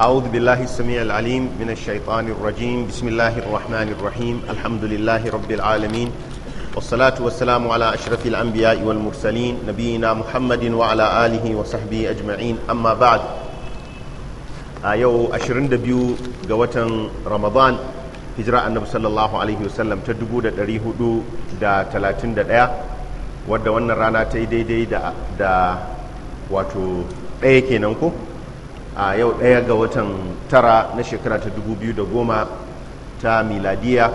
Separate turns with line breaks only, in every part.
أعوذ بالله السميع العليم من الشيطان الرجيم بسم الله الرحمن الرحيم الحمد لله رب العالمين والصلاة والسلام على أشرف الأنبياء والمرسلين نبينا محمد وعلى آله وصحبه أجمعين أما بعد أيو أشرين دبيو قوة رمضان هجرة النبي صلى الله عليه وسلم تدقو دا دريه دو دا تلاتين دا دا ودى وانا رانا تيدي دا دا واتو ايه كينانكو a yau ɗaya ga watan tara na shekara ta 2010 ta miladiya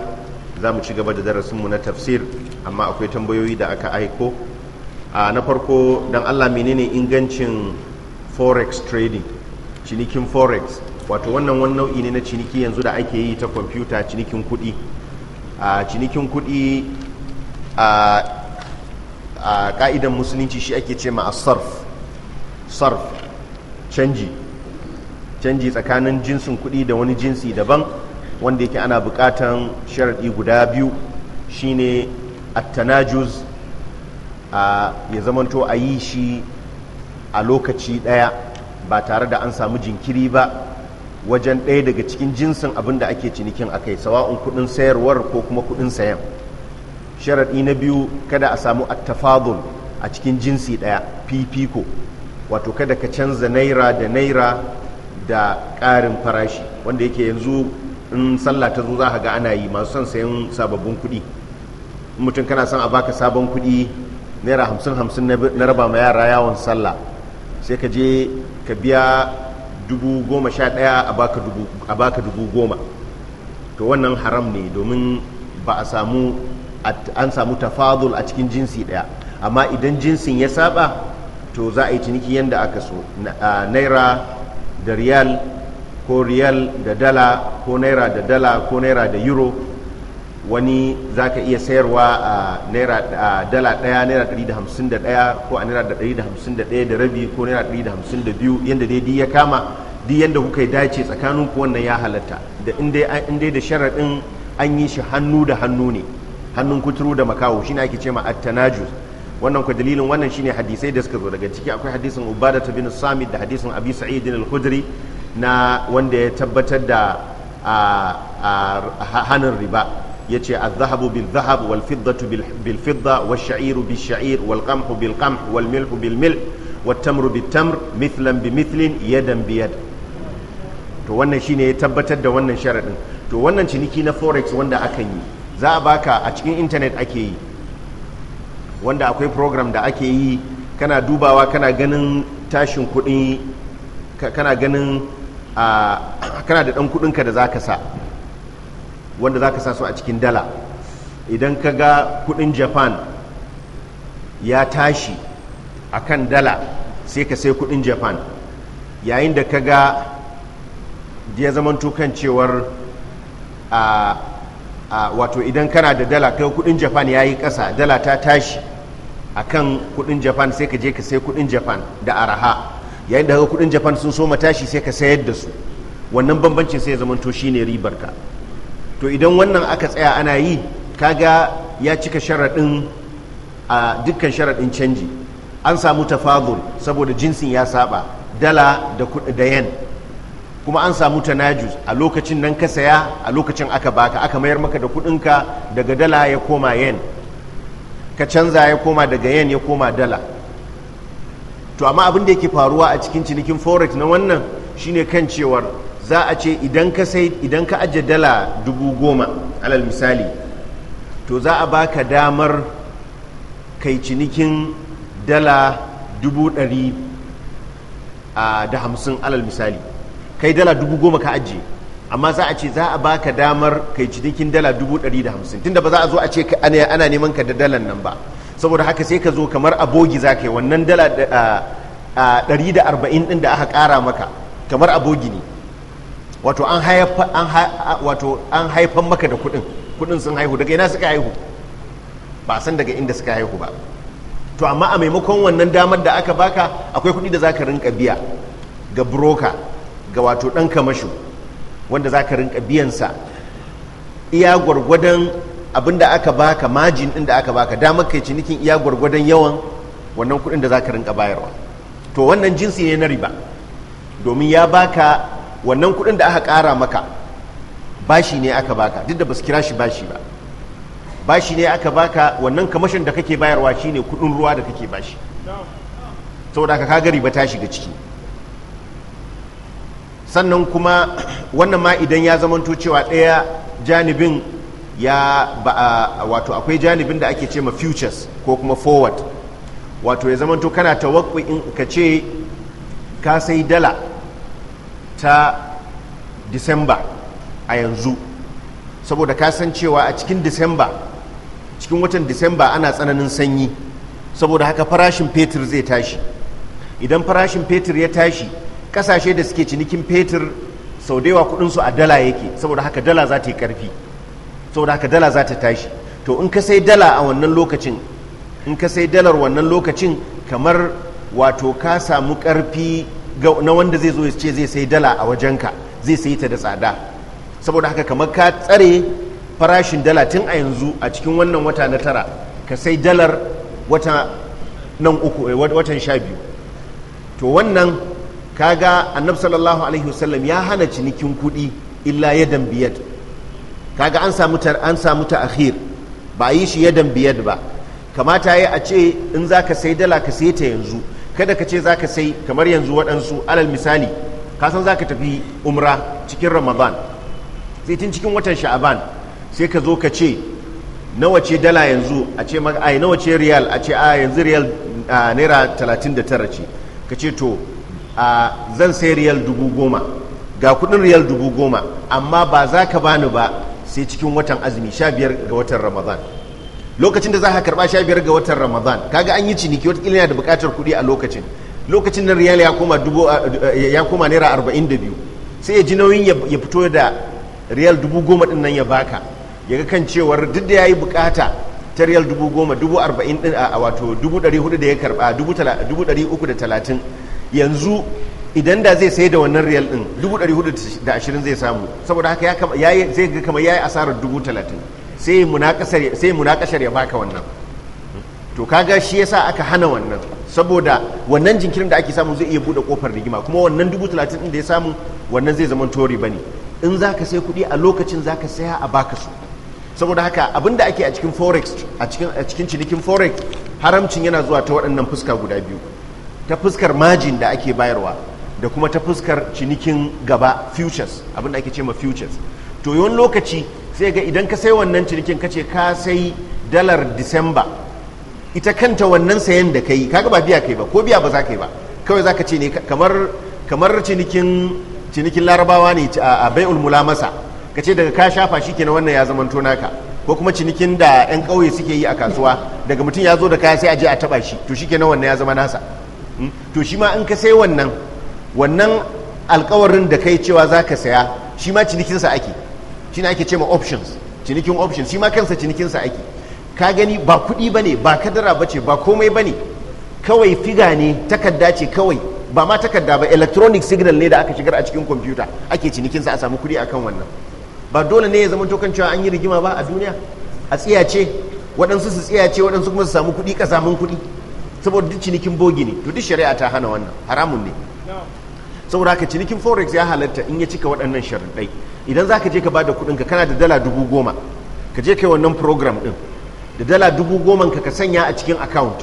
za mu ci gaba da darasinmu na tafsir amma akwai tambayoyi da aka aiko a na farko don allah menene ingancin forex trading cinikin forex wato wannan wani nau'i ne na ciniki yanzu da ake yi ta kwamfuta cinikin kudi. a cinikin kudi a ka'idan musulunci shi ake ce ma a sarf sarf canji canji tsakanin jinsin kuɗi da wani jinsi daban wanda yake ana bukatan sharaɗi guda biyu shine attanajuz a ya zamanto a yi shi a lokaci ɗaya ba tare da an samu jinkiri ba wajen ɗaya daga cikin jinsin abin da ake cinikin a kai sawa'un kuɗin sayarwar ko kuma kuɗin sayan sharaɗi na biyu kada a samu attafadul a cikin jinsi ɗaya fifiko wato kada ka canza naira da naira da ƙarin farashi wanda yake yanzu in sallah ta zo za ga ana yi masu son sayan sababbin kuɗi mutum kana son a baka sabon kuɗi naira hamsin hamsin na raba ma yara yawon sallah sai ka je ka biya dubu goma sha ɗaya a baka dubu goma to wannan haram ne domin ba a samu an samu tafadul a cikin jinsi ɗaya amma idan jinsin ya saba to za a yi ciniki yadda aka so naira da riyal ko riyal da dala ko naira da dala ko naira da euro wani za ka iya sayarwa a naira dala ɗaya naira ɗari da hamsin da ɗaya ko a naira ɗari da hamsin da ɗaya da rabi ko naira ɗari da hamsin da biyu yadda dai ya kama duk yadda kuka yi dace tsakanin ku wannan ya halatta da in dai da sharaɗin an yi shi hannu da hannu ne hannun kuturu da makaho ne ake ce ma at wannan ku dalilin wannan shine hadisai da suka zo daga ciki akwai hadisin ubada ta bin samit da hadisin abi sa'id al-khudri na wanda ya tabbatar da hannun riba ya ce zahabu bil zahab wal fiddatu bil fidda wal sha'iru bil sha'ir wal qamhu bil qamh wal milhu bil mil wat tamru bit tamr mithlan bi mithlin yadan bi yad to wannan shine ya tabbatar da wannan sharadin to wannan ciniki na forex wanda akan yi za a baka a cikin intanet ake yi wanda akwai program da ake yi kana dubawa kana ganin tashin kuɗi kana ganin kana da ɗan kuɗinka da za ka sa wanda za sa su a cikin dala idan ka ga kuɗin japan ya tashi a kan dala sai ka sai kuɗin japan yayin da ka ga ya zamanto kan cewar wato idan kana da dala kai kuɗin japan ya yi ƙasa dala ta tashi a kan kudin japan sai ka je ka sai kudin japan da araha yayin da haka kudin japan sun so matashi sai ka sayar da su wannan bambancin sai ya zamanto shine ribar ka to idan wannan aka tsaya ana yi kaga ya cika sharaɗin a dukkan sharaɗin canji an samu tafazul saboda jinsin ya saba dala da yen kuma an samu tanajus a lokacin nan ka saya a lokacin aka baka aka mayar maka da kudinka daga dala ya koma yen ka canza ya koma daga yan ya koma dala to amma abin da yake faruwa a cikin cinikin forex na wannan shine kan cewar za a ce idan ka sai idan ka ajiye dala dubu goma alal misali to za a baka damar kai cinikin dala dubu ɗari da hamsin alal misali kai dala dubu goma ka ajiye amma za a ce za a baka damar kai cinikin dala dubu ɗari da hamsin tunda ba za a zo a ce ana neman ka da dalan nan ba saboda haka sai ka zo kamar abogi za ka yi wannan dala ɗari da arba'in ɗin da aka ƙara maka kamar abogi ne wato an haifan maka da kuɗin kuɗin sun haihu daga ina suka haihu ba san daga inda suka haihu ba to amma a maimakon wannan damar da aka baka akwai kuɗi da za ka rinka biya ga broker ga wato ɗan kamasho wanda za ka rinka biyansa iya gwargwadon abin da aka baka majin ɗin da aka baka damar kai cinikin iya gwargwadon yawan wannan kuɗin da za ka rinka bayarwa to wannan jinsi ne na riba domin ya baka wannan kuɗin da aka ƙara maka bashi ne aka baka duk da ba su kira shi bashi ba bashi ne aka baka wannan kamashin da kake bayarwa shine kuɗin ruwa da kake bashi saboda ka kaga riba ta shiga ciki sannan kuma wannan ma idan ya zamanto cewa ɗaya janibin ya ba wato akwai janibin da ake ce ma futures ko kuma forward wato ya zamanto kana tawakku in ka ce ka sai dala ta december a yanzu saboda ka san cewa a cikin december cikin watan december ana tsananin sanyi saboda haka farashin fetur zai tashi idan farashin fetur ya tashi kasashe da suke cinikin fetur sau da yawa kudinsu a dala yake saboda haka dala za ta yi karfi saboda haka dala za ta tashi to in ka sai dala a wannan lokacin in ka sai dalar wannan lokacin kamar wato ka samu karfi na wanda zai zo ya ce zai sai dala a wajenka zai sai ta da tsada saboda haka kamar ka tsare farashin dala tun a yanzu a cikin wannan wata na tara ka sai dalar wata nan uku eh, watan sha biyu to wannan kaga annabi sallallahu alaihi wasallam ya hana cinikin kuɗi illa yadan biyad kaga an samu ta an samu ta akhir ba yi shi yadan biyad ba kamata yi a ce in zaka sai dala ka sai ta yanzu kada ka ce zaka sai kamar yanzu waɗansu alal misali ka san zaka tafi umra cikin ramadan sai tun cikin watan sha'aban sai ka zo ka ce nawa ce dala yanzu a ce ai nawa ce riyal a ce a yanzu riyal naira 39 ce ka ce to a zan sai riyal dubu goma ga kudin riyal dubu goma amma ba za ka bani ba sai cikin watan azumi sha biyar ga watan ramadan lokacin da za ka karba sha biyar ga watan ramadan kaga an yi ciniki watakila yana da bukatar kuɗi a lokacin lokacin na riyal ya koma dubu ya koma naira arba'in da biyu sai ya ji nauyin ya fito da riyal dubu goma din nan ya baka ya ga kan cewar duk da ya yi bukata ta riyal dubu goma dubu arba'in din a wato dubu ɗari hudu da ya karba dubu ɗari uku da talatin yanzu idan da zai sai da wannan riyal din 420 zai samu saboda haka zai ga kamar yi asarar dubu sai sai munakashar ya baka wannan to kaga shi yasa aka hana wannan saboda wannan jinkirin da ake samu zai iya buɗe kofar rigima kuma wannan talatin din da ya samu wannan zai zama tori bane in za ka sai kuɗi a lokacin za ka saya a baka su saboda haka abin da ake a cikin forex a cikin cinikin forex haramcin yana zuwa ta waɗannan fuska guda biyu ta fuskar majin da ake bayarwa da kuma ta fuskar cinikin gaba futures abin da ake ce ma futures to yawan lokaci sai ga idan ka sai wannan cinikin ka ce ka sai dalar disamba ita kanta wannan sayan da ka yi kaga ba biya kai ba ko biya ba za ka yi ba kawai za ka ce ne kamar cinikin cinikin larabawa ne a bai ulmula masa ka ce daga ka shafa shi kenan wannan ya zamanto naka ko kuma cinikin da 'yan ƙauye suke yi a kasuwa daga mutum ya zo da kaya sai a je a taba shi to shi kenan wannan ya zama nasa to shi ma in ka sai wannan wannan alkawarin da kai cewa za ka saya shi ma cinikinsa ake shi ne ake ce ma options cinikin options shi ma kansa cinikinsa ake ka gani ba kuɗi ba ne ba kadara ba ce ba komai ba ne kawai figa ne takarda ce kawai ba ma takarda ba electronic signal ne da aka shigar a cikin kwamfuta ake cinikinsa a samu kuɗi akan wannan ba dole ne ya zama to cewa an yi rigima ba a duniya a tsiyace waɗansu su tsiyace waɗansu kuma su samu kuɗi ƙasamin kuɗi saboda duk cinikin bogi ne to duk shari'a ta hana wannan haramun ne saboda haka cinikin forex ya halatta in ya cika waɗannan sharaɗai idan za ka je ka ba da kuɗinka kana da dala dubu goma ka je kai wannan program ɗin da dala dubu goman ka ka sanya a cikin account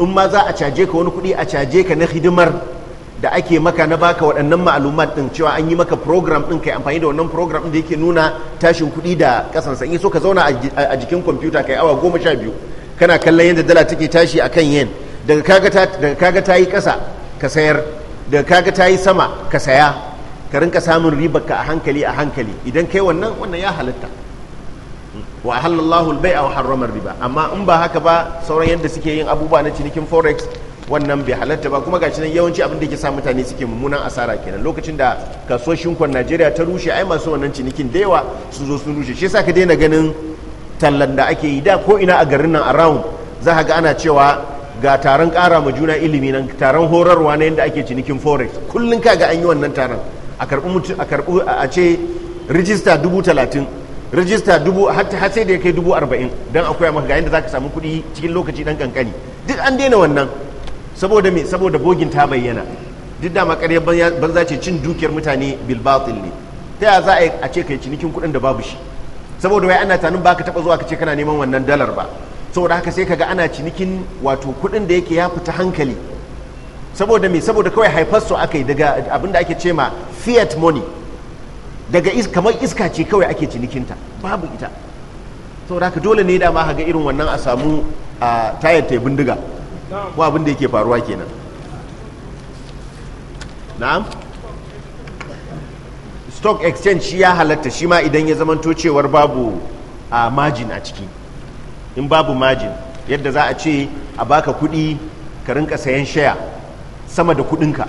in ma za a caje ka wani kuɗi a caje ka na hidimar da ake maka na baka waɗannan ma'alumat ɗin cewa an yi maka program ɗin kai amfani da wannan program ɗin da yake nuna tashin kuɗi da ƙasansa in so ka zauna a jikin kwamfuta kai awa goma sha biyu kana kallon yadda dala take tashi a kan yen daga kaga ta yi ƙasa ka sayar daga kaga ta yi sama ka saya ka rinka samun ribarka a hankali a hankali idan kai wannan wannan ya halitta. wa halallahu albai wa harramar riba amma in ba haka ba sauran yadda suke yin abubuwa na cinikin forex wannan bai halatta ba kuma gashi nan yawanci abin da ke sa mutane suke mummunan asara kenan lokacin da kasuwar shinkon najeriya ta rushe ai masu wannan cinikin da yawa sun zo sun rushe shi yasa ka daina ganin tallan da ake yi da ko ina a garin nan a rawun za a ga ana cewa ga taron ƙara ma juna ilimi nan taron horarwa na yadda ake cinikin forex kullum ka ga an yi wannan taron a karɓi a karɓi a ce rijista dubu talatin rijista dubu har sai da ya kai dubu arba'in don akwai maka ga yadda za ka samu kuɗi cikin lokaci ɗan kankani duk an daina wannan saboda me saboda bogin ta bayyana duk da makarya banza ce cin dukiyar mutane bilbatin ne ta ya za a ce kai cinikin kuɗin da babu shi saboda wai ana tanin baka taba zuwa kace kana neman wannan dalar ba saboda haka sai kaga ana cinikin wato kudin da yake ya fita hankali saboda me saboda kawai haifar su aka yi daga abinda ake ce ma fiat money daga kamar iska ce kawai ake cinikinta babu ita saboda haka dole ne dama kaga irin wannan a samu a tayar ta bindiga ko abin da yake faruwa kenan na'am stock exchange shi ya halatta shi ma idan ya zamanto cewar babu a margin a ciki in babu margin yadda za a ce a baka kudi ka rinka sayan shaya sama da kudinka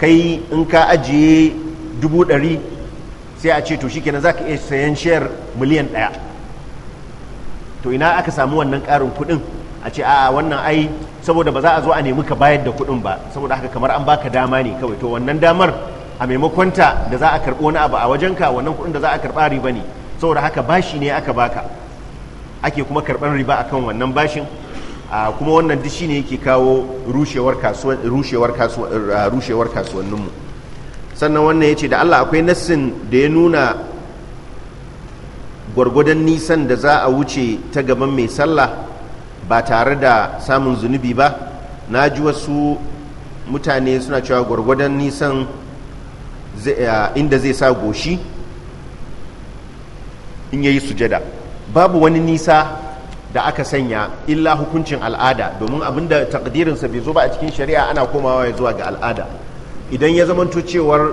kai in ka ajiye dubu ɗari sai a ce to shikenan za ka iya sayan shayar miliyan ɗaya to ina aka samu wannan ƙarin kudin a ce a wannan ai saboda ba za a zo a nemi ka bayar da kudin ba saboda haka kamar an baka dama ne kawai to wannan damar a maimakon ta da za a karɓi wani abu a wajenka wannan kuɗin da za a karɓa riba ne saboda haka bashi ne aka baka ake kuma karɓar riba akan wannan bashin kuma wannan duk shine yake kawo rushewar rushewar kasuwanninmu sannan wannan ya ce da Allah akwai nassin da ya nuna gwargwadon nisan da za a wuce ta gaban mai sallah ba tare da samun zunubi ba na ji wasu mutane suna cewa gwargwadon nisan Eh, inda zai sa goshi in yayi sujada babu wani nisa da aka sanya illa hukuncin al'ada domin abinda takdirinsa bai zo ba a cikin shari'a ana komawa ya zuwa ga al'ada idan ya zamanto cewar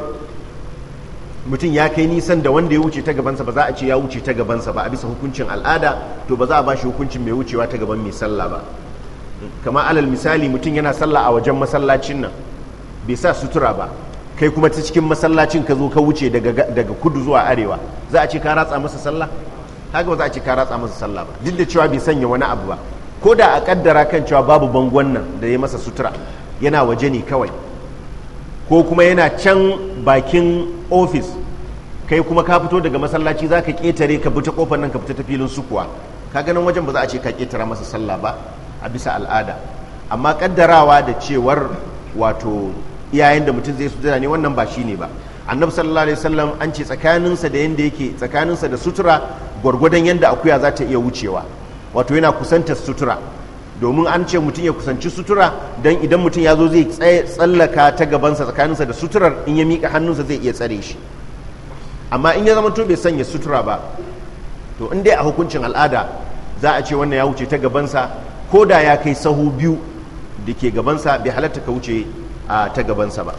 mutum ya kai nisan da wanda ya wuce ta gabansa ba za a ce ya wuce ta gabansa ba a bisa hukuncin al'ada to ba za a ba shi hukuncin mai wucewa ta gaban mai sallah ba kama alal misali mutum yana sallah a wajen masallacin nan bai sa sutura ba kai kuma ta cikin masallacin ka zo ka wuce daga kudu zuwa arewa za a ce ka ratsa masa sallah haka ba za a ce ka ratsa masa sallah ba duk da cewa bai sanya wani abu ba ko da a kaddara kan cewa babu bangon nan da ya masa sutura yana waje ne kawai ko kuma yana can bakin ofis kai kuma ka fito daga masallaci za ka ƙetare ka bi ta kofar nan ka fita ta filin sukuwa ka ganin wajen ba za a ce ka ƙetara masa sallah ba a bisa al'ada amma kaddarawa da cewar wato yayin da mutum zai sujada ne wannan ba shi ne ba annabi sallallahu alaihi wasallam an ce tsakaninsa da yanda yake tsakaninsa da sutura gwargwadon yanda akuya za ta iya wucewa wato yana kusantar sutura domin an ce mutum ya kusanci sutura don idan mutum ya zo zai tsallaka ta gabansa tsakaninsa da suturar in ya miƙa hannunsa zai iya tsare shi amma in ya zama to bai sanya sutura ba to in dai a hukuncin al'ada za a ce wannan ya wuce ta gabansa ko da ya kai sahu biyu da ke gabansa bai halatta ka wuce a ta gabansa ba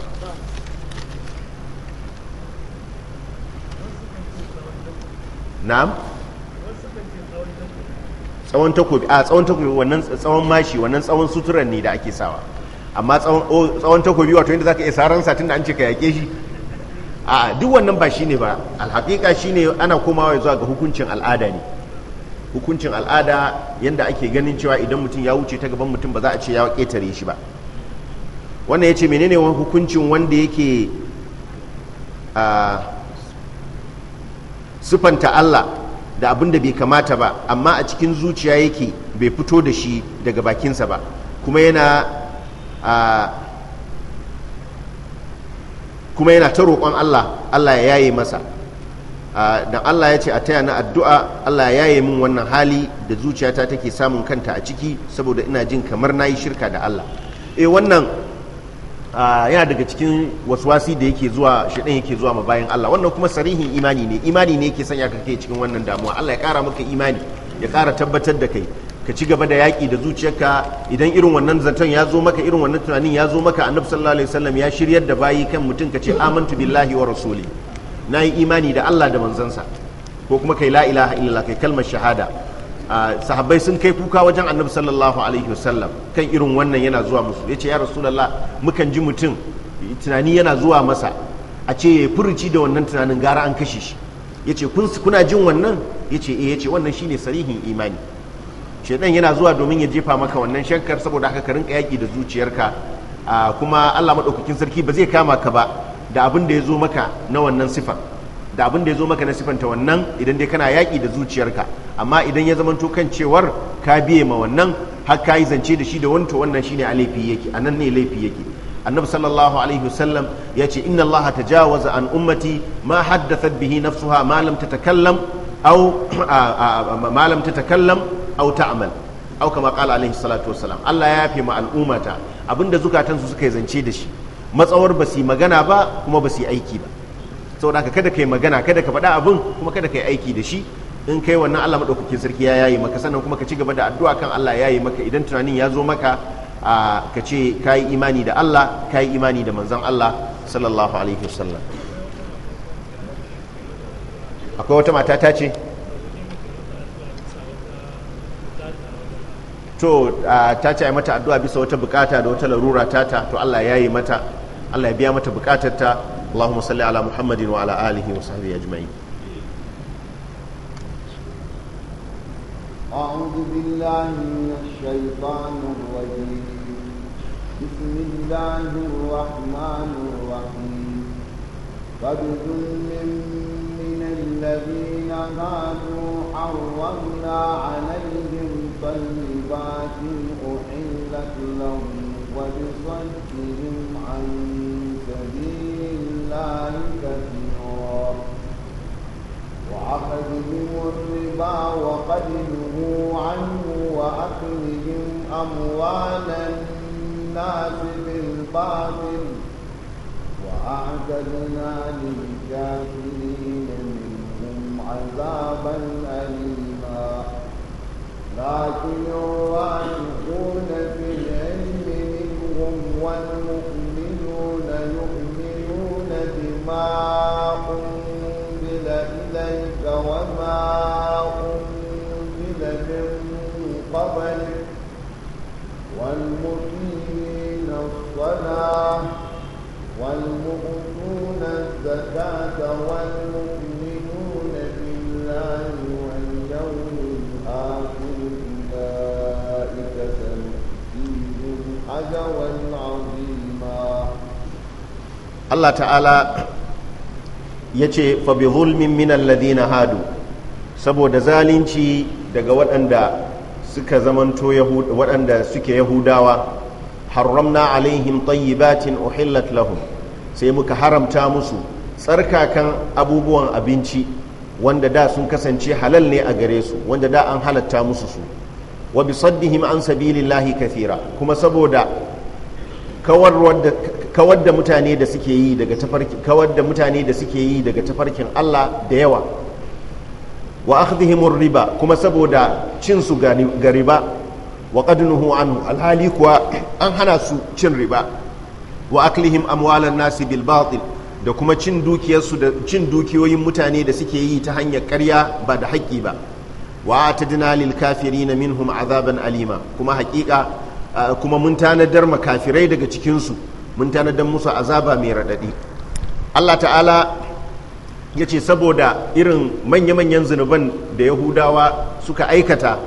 na'am tsawon takobi a tsawon takobi wannan tsawon mashi wannan tsawon suturan ne da ake sawa amma tsawon takobi wato yadda zaka iya saran tun da an ce ka yake shi a duk wannan ba shine ba alhaƙiƙa shine ana komawa zuwa ga hukuncin al'ada ne hukuncin al'ada yadda ake ganin cewa idan mutum ya wuce ta gaban mutum ba za a ce ya ƙetare shi ba wannan ya ce menene wani hukuncin wanda yake a sufanta Allah da abin da bai kamata ba amma a cikin zuciya yake bai fito da shi daga bakinsa ba kuma yana a kuma yana ta roƙon Allah Allah ya yaye masa dan Allah ya ce a taya na addu'a Allah ya yaye min wannan hali da zuciyata take samun kanta a ciki saboda ina jin kamar na yi shirka da Allah eh wannan Ah, yana daga cikin waswasi da yake zuwa shidan yake zuwa ma bayan Allah wannan kuma sarihin imani ne imani ne yake sanya kake cikin wannan damuwa Allah ya kara maka imani ya kara tabbatar da kai ka ci gaba da yaƙi da zuciyarka idan irin wannan zaton ya zo maka irin wannan tunanin ya zo maka annabi sallallahu alaihi wasallam ya shiryar da bayi kan mutum ka ce amantu billahi wa rasuli nayi imani da Allah da manzansa ko kuma kai la ilaha illallah kai kalmar shahada sahabbai sun kai kuka wajen annabi sallallahu alaihi wasallam kan irin wannan yana zuwa musu ya ce ya rasulallah mukan ji mutum tunani yana zuwa masa a ce ya furuci da wannan tunanin gara an kashe shi ya ce kuna jin wannan ya ce eh ya ce wannan shine sarihin imani shaidan yana zuwa domin ya jefa maka wannan shankar saboda haka ka rinka yaƙi da zuciyarka kuma allah maɗaukakin sarki ba zai kama ka ba da abin da ya zo maka na wannan sifar da abin da ya zo maka na sifanta wannan idan dai kana yaƙi da zuciyarka amma idan ya zamanto kan cewar ka biye ma wannan har ka yi zance da shi da wanto wannan shine a laifi yake a nan ne laifi yake annabi sallallahu alaihi wasallam ya ce inna allaha tajawaza an ummati ma haddathat bihi nafsuha ma lam tatakallam au, ma lam tatakallam au ta'mal aw kama qala alaihi salatu wasalam Allah ya yafe ma al'ummata abinda su suka yi zance da shi matsawar ba su magana ba kuma ba su aiki ba saboda kada ka yi magana kada ka faɗa abin kuma kada ka yi aiki da shi in kai wannan Allah madaukakin sarki ya yayi maka sannan kuma ka ci gaba da addu'a kan Allah ya yi maka idan tunanin ya zo maka ka ce ka yi imani da Allah ka yi imani da manzon Allah sallallahu alaihi wasallam akwai wata mata ta ce to ta ce ai mata addu'a bisa wata bukata da wata larura ta ta to Allah ya yi mata Allah ya biya mata bukatar ta اللهم صل على محمد وعلى آله وصحبه أجمعين
أعوذ بالله من الشيطان الرجيم بسم الله الرحمن الرحيم فبذل من الذين هادوا حرمنا عليهم طيبات أحلت لهم وبصدهم عن الله كثيرا وعقدهم الربا وقد نهوا عنه وأخذهم أموال الناس بالباطل وأعتدنا للكافرين منهم عذابا أليما لكن الراسخون في العلم منهم والمؤمنين ما أنزل إليك وما أنزل من قبلك والمقيمين الصلاة والمؤتون الزكاة والمؤمنون بالله واليوم الآخر أولئك سنؤتيهم أجرا
Allah ta'ala ya ce fabi zulmin minan ladina hadu saboda zalunci daga waɗanda suka zamanto waɗanda suke yahudawa haramna alaihim tayyibatin uhillat lahum sai muka haramta musu tsarkakan abubuwan abinci wanda da sun kasance halal ne a gare su wanda da an halatta musu su wa bisaddihim an sabilillahi kathira kuma saboda kawarwar kawar da mutane da suke yi daga tafarkin kawar da mutane da suke yi daga tafarkin Allah da yawa wa akhdihimur riba kuma saboda cin su ga riba wa qadnuhu anhu alhali kuwa an hana su cin riba wa aklihim amwalan nasi bil batil da kuma cin dukiyarsu da cin dukiyoyin mutane da suke yi ta hanyar ƙarya ba da haƙƙi ba wa atadna lil kafirin minhum azaban alima kuma haƙiƙa kuma mun tanadar makafirai daga cikin su mun tanadar musu azaba mai raɗaɗi allah ta'ala ya ce saboda irin manya-manyan zunuban da yahudawa suka aikata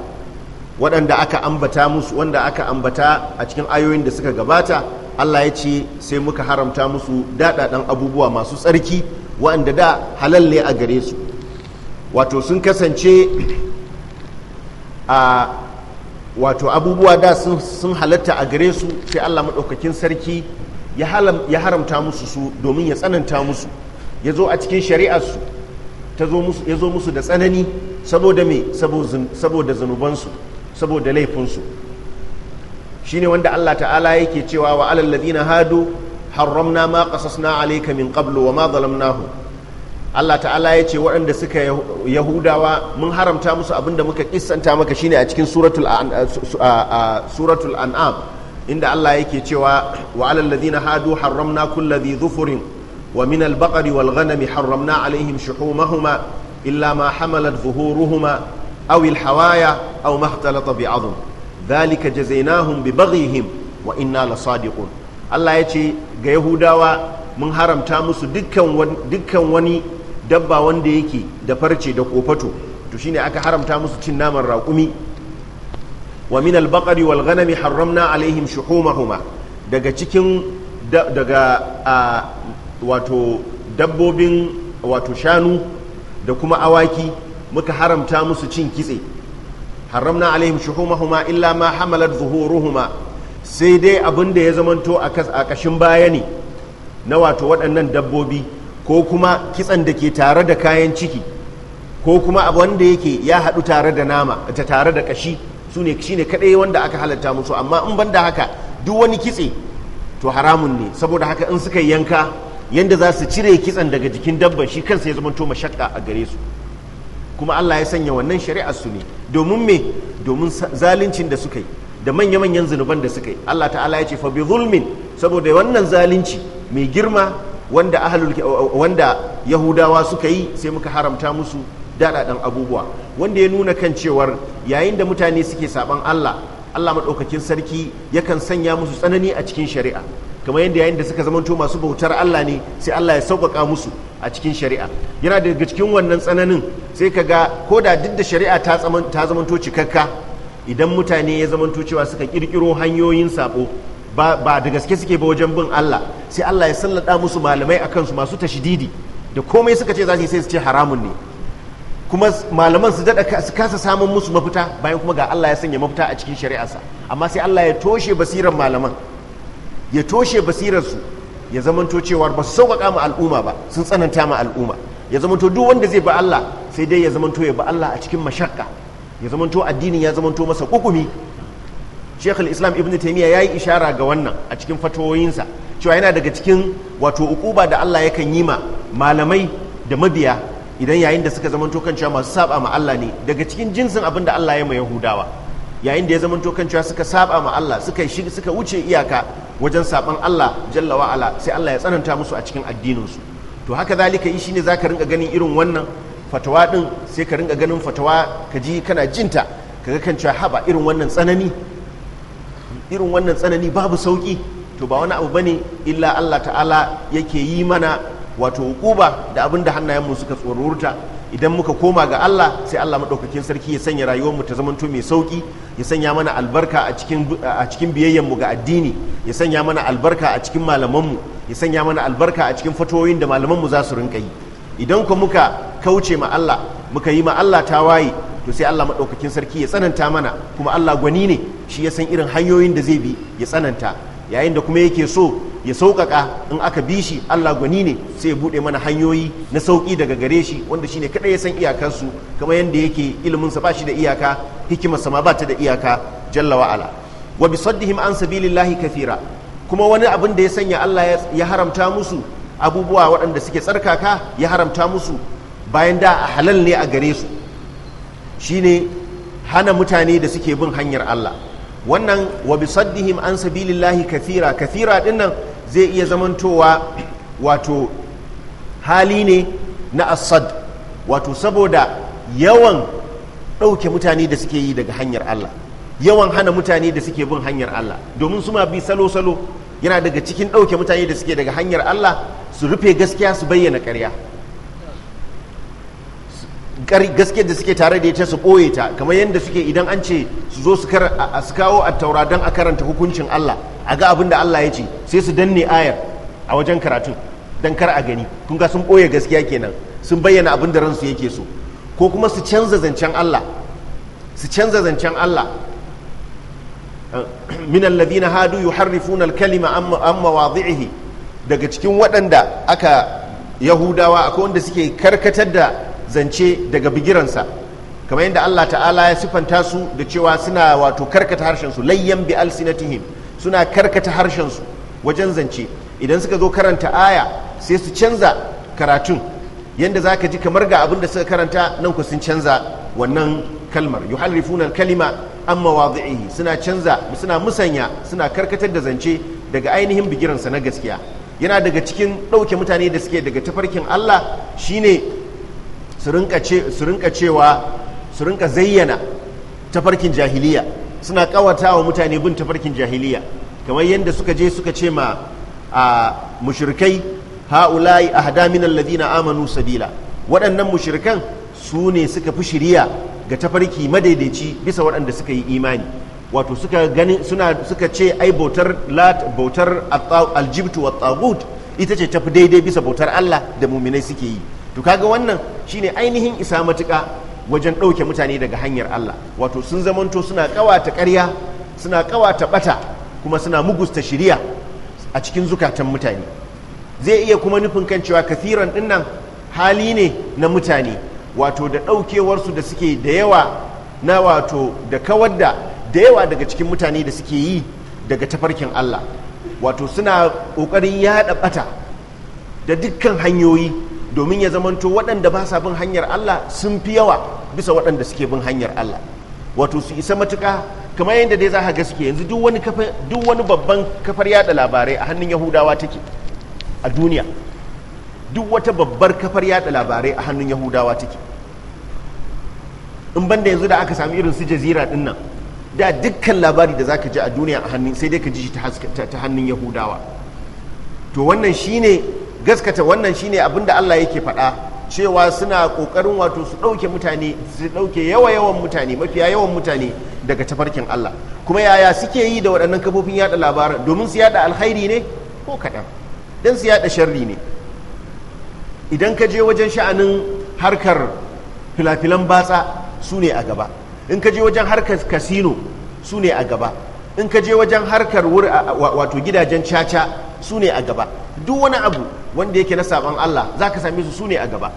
waɗanda aka ambata musu wanda aka ambata a cikin ayoyin da suka gabata allah ya ce sai muka haramta musu daɗaɗan abubuwa masu tsarki waɗanda da halal ne a gare su wato sun kasance a wato abubuwa da sun halatta a gare su sai allah maɗaukakin sarki ya haramta musu su domin ya tsananta musu ya zo a cikin shari'arsu ya zo musu da tsanani saboda me saboda zunubansu saboda laifinsu ne wanda Allah ta'ala yake cewa wa alalladi na hadu haramna ma qasasna alayka min qablu wa ma zalamnahu Allah ta'ala ya ce waɗanda suka yahudawa mun haramta musu abinda muka kissanta maka shine a cikin suratul an'am inda Allah yake cewa wa alal ladina hadu harramna kulli dhufurin wa min al baqari wal ghanami harramna alaihim shuhumahuma illa ma hamalat zuhuruhuma aw al hawaya aw ma ihtalata bi azm dhalika jazainahum bi baghihim wa inna la sadiqun Allah yace ga yahudawa mun haramta musu dukkan dukkan wani dabba wanda yake da farce da kofato to shine aka haramta musu cin naman raƙumi wa min al-baqari wal ghanami harramna alaihim shuhumahuma daga cikin daga wato dabbobin wato shanu da kuma awaki muka haramta musu cin kitse haramna alaihim shuhumahuma illa ma hamalat zuhuruhuma sai dai abin da ya zamanto a kashin baya ne na wato waɗannan dabbobi ko kuma kitsan da ke tare da kayan ciki ko kuma wanda yake ya haɗu tare da nama ta tare da ƙashi. su ne shi ne kaɗai wanda aka halatta musu amma in banda haka duk wani kitse to haramun ne saboda haka in suka yanka yadda za su cire kitsen daga jikin dabban shi kansa ya zama to mashakka a gare su kuma Allah ya sanya wannan shari'ar su ne domin me domin zaluncin da suka yi da manya-manyan zunuban da suka yi Allah ta'ala ya ce fa bi zulmin saboda wannan zalunci mai girma wanda wanda yahudawa suka yi sai muka haramta musu daɗaɗan abubuwa wanda ya nuna kan cewar yayin da mutane suke saɓan Allah Allah maɗaukakin sarki yakan sanya musu tsanani a cikin shari'a kamar yadda yayin da suka zamanto masu bautar Allah ne sai Allah ya sauƙaƙa musu a cikin shari'a yana daga cikin wannan tsananin sai ka ga ko da duk da shari'a ta zamanto cikakka idan mutane ya zamanto cewa suka ƙirƙiro hanyoyin saɓo ba da gaske suke ba wajen bin Allah sai Allah ya sallada musu malamai a kansu masu tashididi da komai suka ce za su yi sai su ce haramun ne kuma malaman su daɗa kasa samun musu mafita bayan kuma ga Allah ya sanya mafita a cikin shari'arsa amma sai Allah ya toshe basirar malaman ya toshe basirarsu ya zamanto cewa ba su sauƙaƙa ma al'umma ba sun tsananta ma al'umma ya zamanto duk wanda zai ba Allah sai dai ya zamanto ya ba Allah a cikin mashakka ya zamanto addinin ya zamanto masa kukumi Sheikh islam Ibn ya yi ishara ga wannan a cikin fatawoyinsa cewa yana daga cikin wato ukuba da Allah yakan yi ma malamai da mabiya idan yayin da suka zama kan masu saba ma Allah ne daga cikin jinsin abin da Allah ya ma Yahudawa yayin da ya zama kan suka saba ma Allah suka suka wuce iyaka wajen saban Allah jalla wa ala sai Allah ya tsananta musu a cikin addinin su to haka zalika yi ne zaka rinka ganin irin wannan fatawa din sai ka rinka ganin fatawa ka ji kana jinta kaga kan cewa haba irin wannan tsanani irin wannan tsanani babu sauki to ba wani abu bane illa Allah ta'ala yake yi mana wato hukuba da abin da mu suka tsorurta idan muka koma ga Allah sai Allah maɗaukakin sarki ya sanya rayuwarmu ta zamanto mai sauƙi ya sanya mana albarka a cikin mu ga addini ya sanya mana albarka a cikin malamanmu ya sanya mana albarka a cikin fatoyin da mu za su rinka yi idan ku muka kauce ma Allah muka yi ma Allah tawaye to sai Allah maɗaukakin sarki ya tsananta mana kuma Allah gwani ne shi ya san irin hanyoyin da zai bi ya tsananta yayin da kuma yake so ya sauƙaƙa in aka bi shi Allah gwani ne sai ya buɗe mana hanyoyi na sauƙi daga gare shi wanda shine kaɗai ya san iyakarsu kamar yadda yake ilimin sa ba shi da iyaka hikimarsa sama ba ta da iyaka jalla wa'ala wa bi saddihim an sabilillahi kathira kuma wani abin da ya sanya Allah ya haramta musu abubuwa waɗanda suke tsarkaka ya haramta musu bayan da a halal ne a gare su shine hana mutane da suke bin hanyar Allah wannan wa bi saddihim an sabilillahi kathira kathira dinnan zai iya zamantowa wato hali ne na asad wato saboda yawan ɗauke mutane da suke yi daga hanyar Allah yawan hana mutane da suke bin hanyar Allah domin su ma bi salo-salo yana daga cikin ɗauke mutane da suke daga hanyar Allah su rufe gaskiya su bayyana ƙarya gaske da suke tare da ita su ɓoye ta kamar yadda suke idan an ce su zo su kawo a taura don a karanta hukuncin Allah a ga abin da Allah ya ce sai su danne ayar a wajen karatu don kar a gani kun ga sun ɓoye gaskiya kenan sun bayyana abin da ransu yake so ko kuma su canza zancen Allah su canza zancen Allah min na hadu yuharrifuna al-kalima amma mawadhi'ihi daga cikin waɗanda aka yahudawa akwai wanda suke karkatar da zance daga bigiransa kamar yadda Allah ta'ala ya sifanta su da cewa suna wato karkata harshen su layyan bi alsinatihim suna karkata harshen su wajen zance idan suka zo karanta aya sai su canza karatun yadda za ka ji kamar ga abin da suka karanta nan ku sun canza wannan kalmar yuhalrifunan kalima an mawadhi'ihi suna canza suna musanya suna karkatar da zance daga ainihin bigiransa na gaskiya yana daga cikin ɗauke mutane da suke daga tafarkin Allah shine su rinka cewa su rinka zayyana tafarkin jahiliya suna kawata wa mutane bin tafarkin jahiliya kamar yadda suka je suka ce ma a mushrikai ha'ulai a hadaminan ladina amanu sabila waɗannan mushrikan su ne suka fi shiriya ga tafarki madaidaici bisa waɗanda suka yi imani wato suka ce ai bautar lat bautar aljibtu wa tagut ita ce tafi daidai bisa bautar Allah da muminai suke yi to kaga wannan shine ainihin isa matuka wajen ɗauke mutane daga hanyar Allah wato sun zamanto suna ƙawata ƙarya suna ƙawata ɓata kuma suna mugusta shiriya a cikin zukatan mutane zai iya kuma nufin kan cewa kathiran ɗinnan hali ne na mutane wato da ɗaukewarsu da suke da yawa na wato da kawar da da yawa daga cikin mutane da suke yi daga tafarkin Allah wato suna ƙoƙarin yaɗa ɓata da dukkan hanyoyi domin ya zamanto waɗanda ba sa bin hanyar Allah sun fi yawa bisa waɗanda suke bin hanyar Allah wato su isa matuka kamar yadda dai za a gaske yanzu duk wani duk wani babban kafar yada labarai a hannun Yahudawa take a duniya duk wata babbar kafar yada labarai a hannun Yahudawa take in banda yanzu da aka sami irin su jazira din nan da dukkan labari da zaka ji a duniya a hannun sai dai ka ji shi ta hannun Yahudawa to wannan shine gaskata wannan shine abin da Allah yake faɗa cewa suna kokarin wato su ɗauke mutane su ɗauke yawa-yawan mutane mafiya yawan mutane daga tafarkin Allah kuma yaya suke yi da waɗannan kafofin yada labaran domin su yada alkhairi ne ko kaɗan don su yada sharri ne idan ka je wajen sha'anin harkar filafilan batsa su ne a gaba in ka je wajen harkar kasino su ne a gaba in ka je wajen harkar wato gidajen caca su ne a gaba duk wani abu wanda yake na saban Allah za ka same su su ne a gaba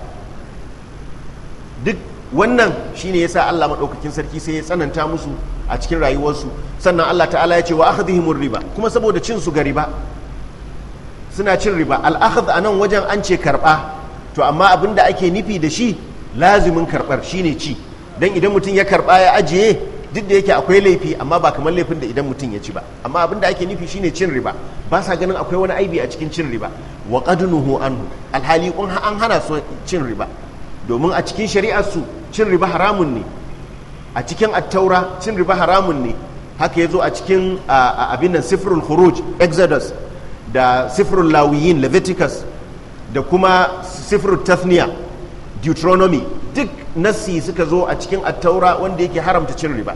duk wannan shi ne ya sa Allah maɗaukakin sarki sai ya tsananta musu a cikin rayuwarsu sannan Allah ta'ala ya ce wa akhdhihimur riba kuma saboda cin su ga riba suna cin riba al a nan wajen an ce karɓa to amma abin da ake nufi da shi lazimin shi ne ci don idan mutum ya karɓa ya ajiye duk da yake akwai laifi amma ba kamar laifin da idan mutum ya ci ba amma abin da ake nufi shine cin riba ba sa ganin akwai wani aibi a cikin cin riba wa qadnuhu anhu alhali kun an hana su cin riba domin a cikin shari'ar su cin riba haramun ne a cikin attaura cin riba haramun ne haka yazo a cikin abin nan sifrul khuruj exodus da sifrul lawiyin leviticus da kuma sifrul tathniya deuteronomy duk nassi suka zo a cikin attaura wanda yake haramta cin riba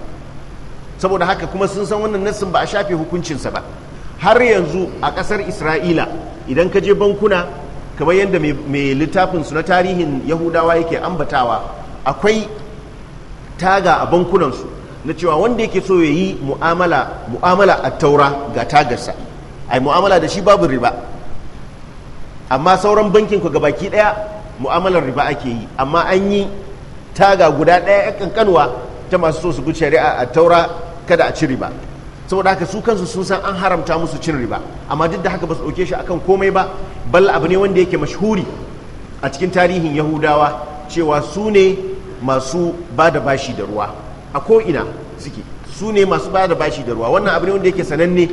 saboda haka kuma sun san wannan nassin ba a shafe hukuncinsa ba har yanzu a ƙasar isra'ila idan ka je bankuna kamar yadda mai littafin su na tarihin yahudawa yake ambatawa akwai taga a bankunansu na cewa wanda yake so ya yi mu'amala mu'amala attaura ga tagarsa ai mu'amala da shi babu riba amma sauran bankin ku gabaki daya mu'amalar riba ake yi amma an yi taga guda ɗaya kankanwa ta masu so su bi shari'a a taura kada a ci riba saboda haka su kansu sun san an haramta musu cin riba amma duk da haka ba su ɗauke shi akan komai ba bal abu ne wanda yake mashhuri a cikin tarihin yahudawa cewa su ne masu ba da bashi da ruwa a ko'ina suke su ne masu ba da bashi da ruwa wannan abu ne wanda yake sananne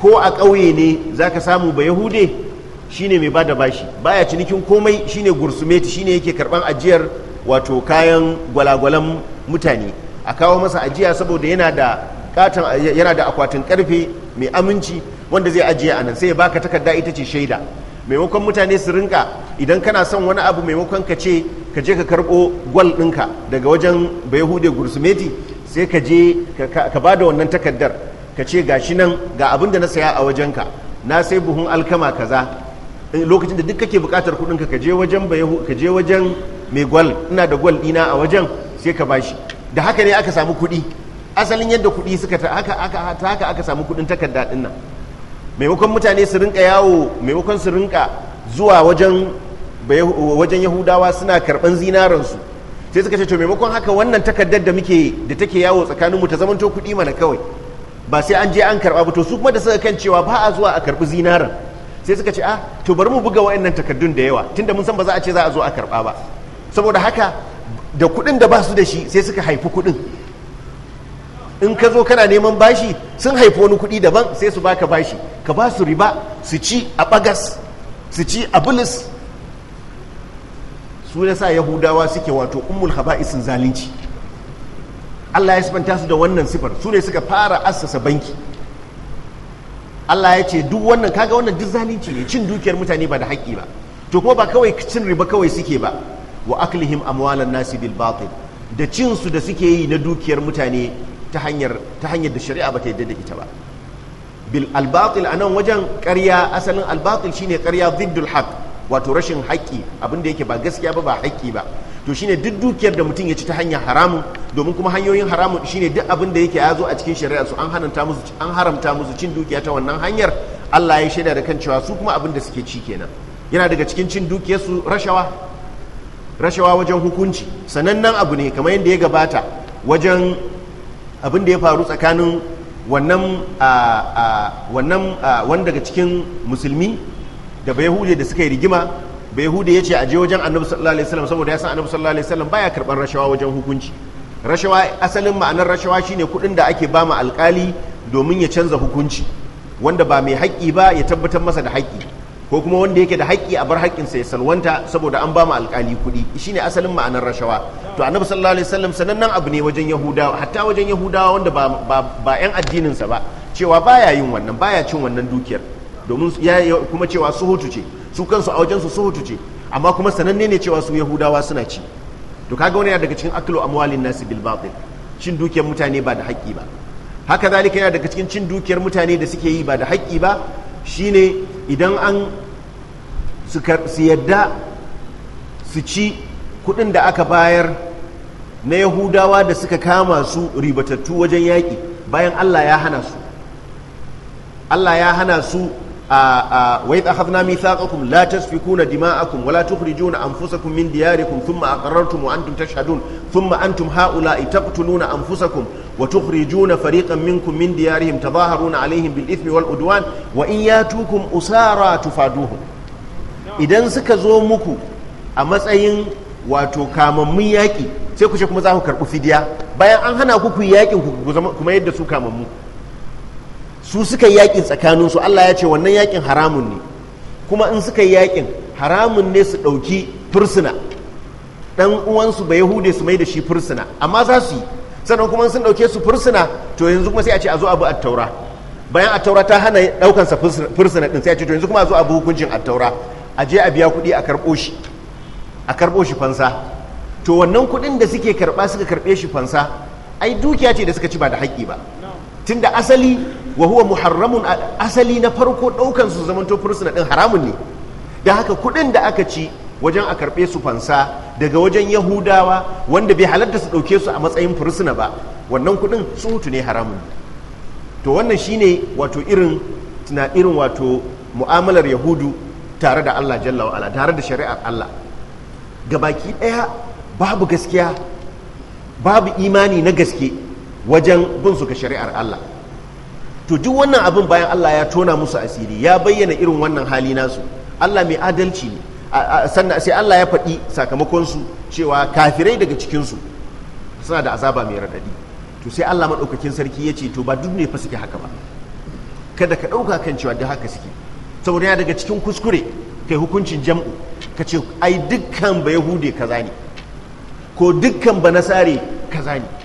ko a ƙauye ne za ka samu ba yahude shine mai bada bashi baya cinikin komai shine gursumeti shine yake karban ajiyar wato kayan gwalagwalan mutane a kawo masa ajiya saboda yana da katon yana da akwatin karfe mai aminci wanda zai ajiye a nan sai ya baka takarda ita ce shaida maimakon mutane su rinka idan kana son wani abu maimakon ka ce ka je ka karbo gwal ɗinka daga wajen bayahude gursumeti sai ka je ka ba da wannan takardar ka ce gashi nan ga abin da na saya a wajenka na sai buhun alkama kaza Eh, lokacin da duk kake bukatar kudin ka je wajen mai gwal ina da gwal dina a wajen sai ka bashi da haka ne aka samu kudi asalin yadda kudi suka ta haka aka ta haka aka samu kudin takarda din nan maimakon mutane su rinka yawo maimakon su rinka zuwa wajen wajen yahudawa suna karban zinaran su sai suka ce to maimakon haka wannan takardar da muke da take yawo mu ta zamanto kudi mana kawai ba sai an je an karba ba to su kuma da suka kan cewa ba a zuwa a karbi zinaran sai suka ce a ah, to bari mu buga wayannan takardun da yawa tunda mun san ba za a ce za a zo a karba ba saboda haka da kuɗin da ba su da shi sai suka haifi kuɗin in ka zo kana neman bashi sun haifi wani kuɗi daban sai su baka bashi ka ba su riba su ci a bagas su ci a bulis su ne sa yahudawa suke wato ummul haba'isin zalunci Allah ya sifanta su da wannan sifar su ne suka fara assasa banki Allah ya ce duk wannan kaga wannan duk zalunci ne cin dukiyar mutane ba da haƙƙi ba to kuma ba kawai cin riba kawai suke ba wa aklihim amwalan nasi bil batil da cin su da suke yi na dukiyar mutane ta hanyar ta hanyar da shari'a ba ta yadda da ita ba bil al batil anan wajen ƙarya asalin al batil shine ƙarya ziddul haqq wato rashin haƙƙi abin da yake ba gaskiya ba ba haƙƙi ba to shine duk dukiyar da mutum ya ci ta hanyar haramun domin kuma hanyoyin haramun shine duk abin da yake ya zo a cikin shari'a su an haramta musu cin dukiya ta wannan hanyar Allah ya shaida da kan cewa su kuma abin da suke ci kenan yana daga cikin cin dukiyar su rashawa rashawa wajen hukunci sanannen abu ne kamar yadda ya gabata wajen abin da ya faru tsakanin wannan wannan wani daga cikin musulmi da bai da suka yi rigima bai hude ya ce a je wajen annabi sallallahu alaihi wasallam saboda ya san annabi sallallahu alaihi wasallam baya karban rashawa wajen hukunci rashawa asalin ma'anar rashawa shine kuɗin da ake ba ma alkali domin ya canza hukunci wanda ba mai haƙƙi ba ya tabbatar masa da haƙƙi ko kuma wanda yake da haƙƙi a bar haƙƙinsa ya salwanta saboda an ba ma alkali kuɗi shine asalin ma'anar rashawa to annabi sallallahu alaihi wasallam sanannen abu ne wajen yahudawa hatta wajen yahudawa wanda ba ba yan sa ba cewa baya yin wannan baya cin wannan dukiyar domin ya kuma cewa suhutu ce su kansu a su suhutu ce amma kuma sananne ne cewa su yahudawa suna ci to kaga wani yana daga cikin aklu amwalin nasi bil batil cin dukiyar mutane ba da haƙƙi ba haka zalika yana daga cikin cin dukiyar mutane da suke yi ba da haƙƙi ba shine idan an su yadda su ci kuɗin da aka bayar na yahudawa da suka kama su ribatattu wajen yaƙi bayan allah ya hana su allah ya hana su wa idh akhadna mithaqakum la tasfikuna dima'akum wa la tukhrijuna anfusakum min diyarikum thumma aqarrartum wa antum thumma antum ha'ula'i taqtuluna anfusakum wa tukhrijuna fariqan minkum min diyarihim tadhaharuna 'alayhim bil ithmi wal udwan wa in yatukum usara tufaduhum idan suka zo muku a matsayin wato kamammun yaƙi sai ku ce kuma za ku karɓi fidiya bayan an hana ku ku yaƙin ku kuma yadda su kamammu su suka yi yakin tsakaninsu Allah ya ce wannan yakin haramun ne kuma in suka yi yakin haramun ne su ɗauki fursuna ɗan uwansu ba yahude su mai da shi fursuna amma za su yi sannan kuma sun ɗauke su fursuna to yanzu kuma sai a ce a zo abu attaura bayan attaura ta hana ɗaukansa fursuna ɗin sai a ce to yanzu kuma a zo abu hukuncin attaura a je a biya kuɗi a karɓo shi a karɓo shi fansa to wannan kuɗin da suke karɓa suka karɓe shi fansa ai dukiya ce da suka ci ba da haƙƙi ba tun da asali wa huwa muharramun asali na farko ɗaukan su zamanto fursuna ɗin haramun ne da haka kuɗin da aka ci wajen a karɓe su fansa daga wajen yahudawa wanda bai halatta su ɗauke su a matsayin fursuna ba wannan kuɗin tsutu ne haramun to wannan shine wato irin tuna irin wato mu'amalar yahudu tare da allah jalla wa'ala tare da shari'ar allah gabaki ɗaya babu gaskiya babu imani na gaske wajen bin su ga shari'ar Allah to duk wannan abin bayan Allah ya tona musu asiri ya bayyana irin wannan hali nasu Allah mai adalci ne sannan sai Allah ya faɗi sakamakon su cewa kafirai daga cikin su suna da azaba mai radadi to sai Allah madaukakin sarki ya ce to ba duk ne fa suke haka ba kada ka ɗauka kan cewa duk haka suke saboda ya daga cikin kuskure kai hukuncin jam'u ka ce ai dukkan ba yahude kaza ne ko dukkan ba nasare kaza ne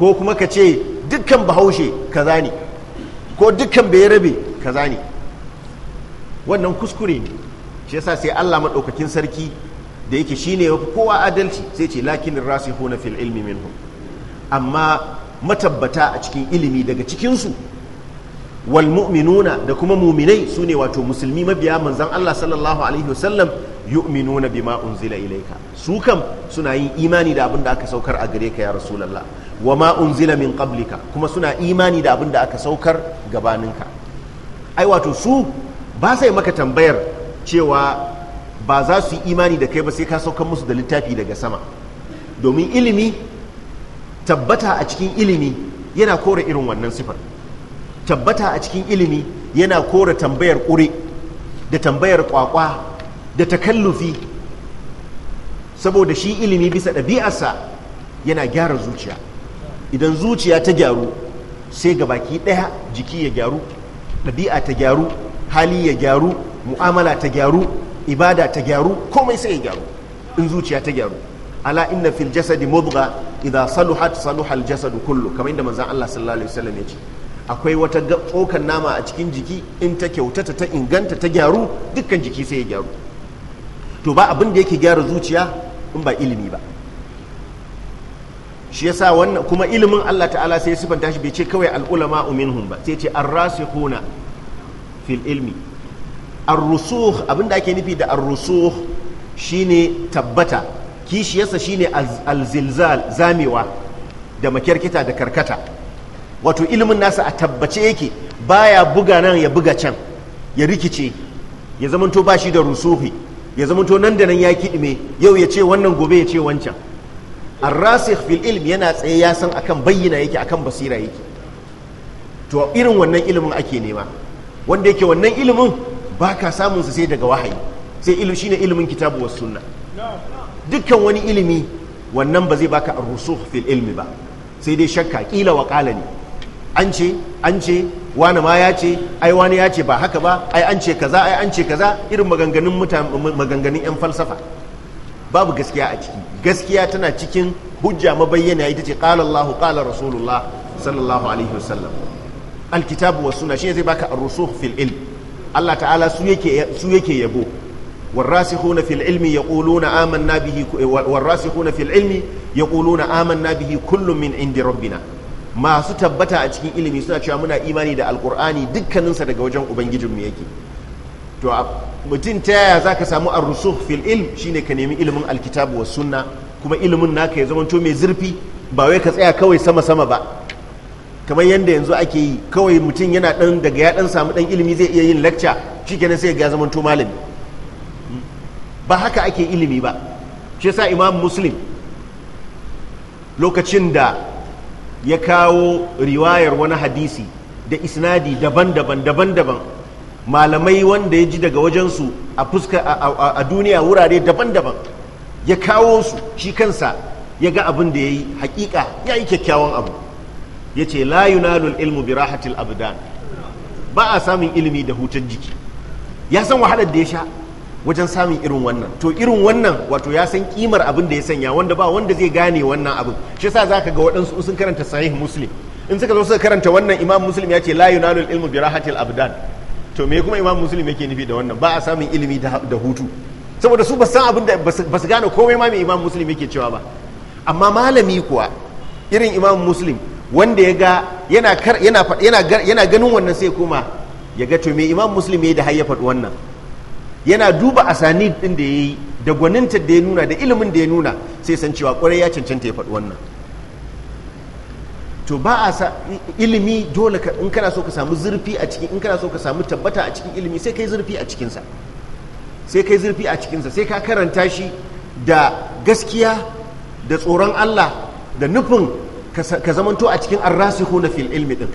ko kuma ka ce dukkan bahaushe kaza ne ko dukkan rabe kaza ne wannan kuskure ne shi yasa sai Allah maɗaukakin sarki da yake shine ya kowa adalci sai ce lakinin rasihuna fil ilmi minhum amma matabbata a cikin ilimi daga cikinsu wal mu'minuna da kuma muminai sune wato musulmi mabiya manzan Allah sallallahu alaihi wasallam yu'minuna bima unzila ilayka su kam suna yin imani da abin da aka saukar a gare ka ya rasulullah wa ma unzila min qablika kuma suna imani da abin da aka saukar gabaninka ai wato su ba sai maka tambayar cewa ba za su yi imani da kai ba sai ka saukar musu da littafi daga sama domin ilimi tabbata a cikin ilimi yana kore irin wannan sifar tabbata a cikin ilimi yana kore tambayar ƙure da tambayar kwakwa da takallufi saboda shi ilimi bisa ɗabi'arsa yana gyara zuciya idan zuciya ta gyaru sai ga baki ɗaya jiki ya gyaru ɗabi'a ta gyaru hali ya gyaru mu'amala ta gyaru ibada ta gyaru komai sai ya gyaru in zuciya ta gyaru ala inna fil jasadi mudgha idza saluhat saluha al jasadu kullu kamar inda manzon Allah sallallahu alaihi wasallam ya ce akwai wata tsokan nama a cikin jiki in ta kyautata ta inganta ta gyaru dukkan jiki sai ya gyaru to ba abin da yake gyara zuciya in ba ilimi ba shi yasa wannan kuma ilimin Allah ta'ala sai sifanta shi bai ce kawai al'ulama minhum ba sai ce ar-rasikhuna fil ilmi ar-rusukh abin da ake nufi da ar-rusukh shine tabbata kishiyarsa shine al-zilzal zamewa da makyarkita da karkata wato ilimin nasa a tabbace yake baya buga nan ya buga can ya rikice ya zamanto ba shi da rusuhi ya zama to nan da nan ya kiɗime yau ya ce wannan gobe ya ce wancan arrasikh fil ilm yana tsaye ya san akan bayyana yake akan basira yake to irin wannan ilimin ake nema wanda yake wannan ilimin ba ka samun sai daga wahayi sai ilu shine ilimin kitabu was sunna dukkan wani ilimi wannan ba zai baka ar fil ilmi ba sai dai shakka kila wa ne an ce an ce wani ma ya ce ai wani ya ce ba haka ba ai an ce kaza ai an ce kaza irin maganganun mutanen maganganun yan falsafa babu gaskiya a ciki gaskiya tana cikin hujja mabayyana ita ce qala Allah qala Rasulullah sallallahu alaihi wasallam alkitabu was sunna shine zai baka ar-rusukh fil ilm Allah ta'ala su yake su yake yabo والراسخون في العلم يقولون آمنا به والراسخون في العلم يقولون آمنا به كل من عند ربنا masu tabbata a cikin ilimi suna cewa muna imani da alkur'ani dukkaninsa daga wajen ubangijinmu yake to mutum ta yaya za ka samu arrusuh fil ilm shine ka nemi ilimin alkitabu wa sunna kuma ilimin naka ya zamanto mai zurfi ba wai ka tsaya kawai sama sama ba kamar yadda yanzu ake yi kawai mutum yana dan daga ya dan samu dan ilimi zai iya yin lecture kenan sai ga zamanto malami ba haka ake ilimi ba shi yasa imam muslim lokacin da ya kawo riwayar wani hadisi da isnadi daban-daban daban-daban malamai wanda ya ji daga wajensu a fuska a duniya wurare daban-daban ya kawo su shi kansa ya ga abin da ya yi hakika ya yi kyakkyawan abu ya ce la ilmu bi rahatil abdan ba a samun ilimi da hutun jiki ya san wahalar da ya sha wajen samun irin wannan to irin wannan wato ya san kimar abin da ya sanya wanda ba wanda zai gane wannan abin shi yasa zaka ga waɗansu sun karanta sahih muslim in suka zo suka karanta wannan imam muslim ya ce la yunalul ilmu bi rahatil abdan to me kuma imam muslim yake nufi da wannan ba a samun ilimi da hutu saboda su ba san abin da ba su gane komai ma mai imam muslim yake cewa ba amma malami kuwa irin imam muslim wanda ya ga yana ganin wannan sai kuma ya ga to me imam muslim ya da har ya faɗi wannan yana duba asani din da ya yi da gwaninta da ya nuna da ilimin da ya nuna sai san cewa kwarai ya cancanta ya faɗi wannan to ba a sa ilimi dole in kana so ka samu zurfi a cikin in kana so ka samu tabbata a cikin ilimi sai kai zurfi a cikinsa sai kai zurfi a cikinsa sai ka karanta shi da gaskiya da tsoron Allah da nufin ka zamanto a cikin arrasikhuna fil ilmi din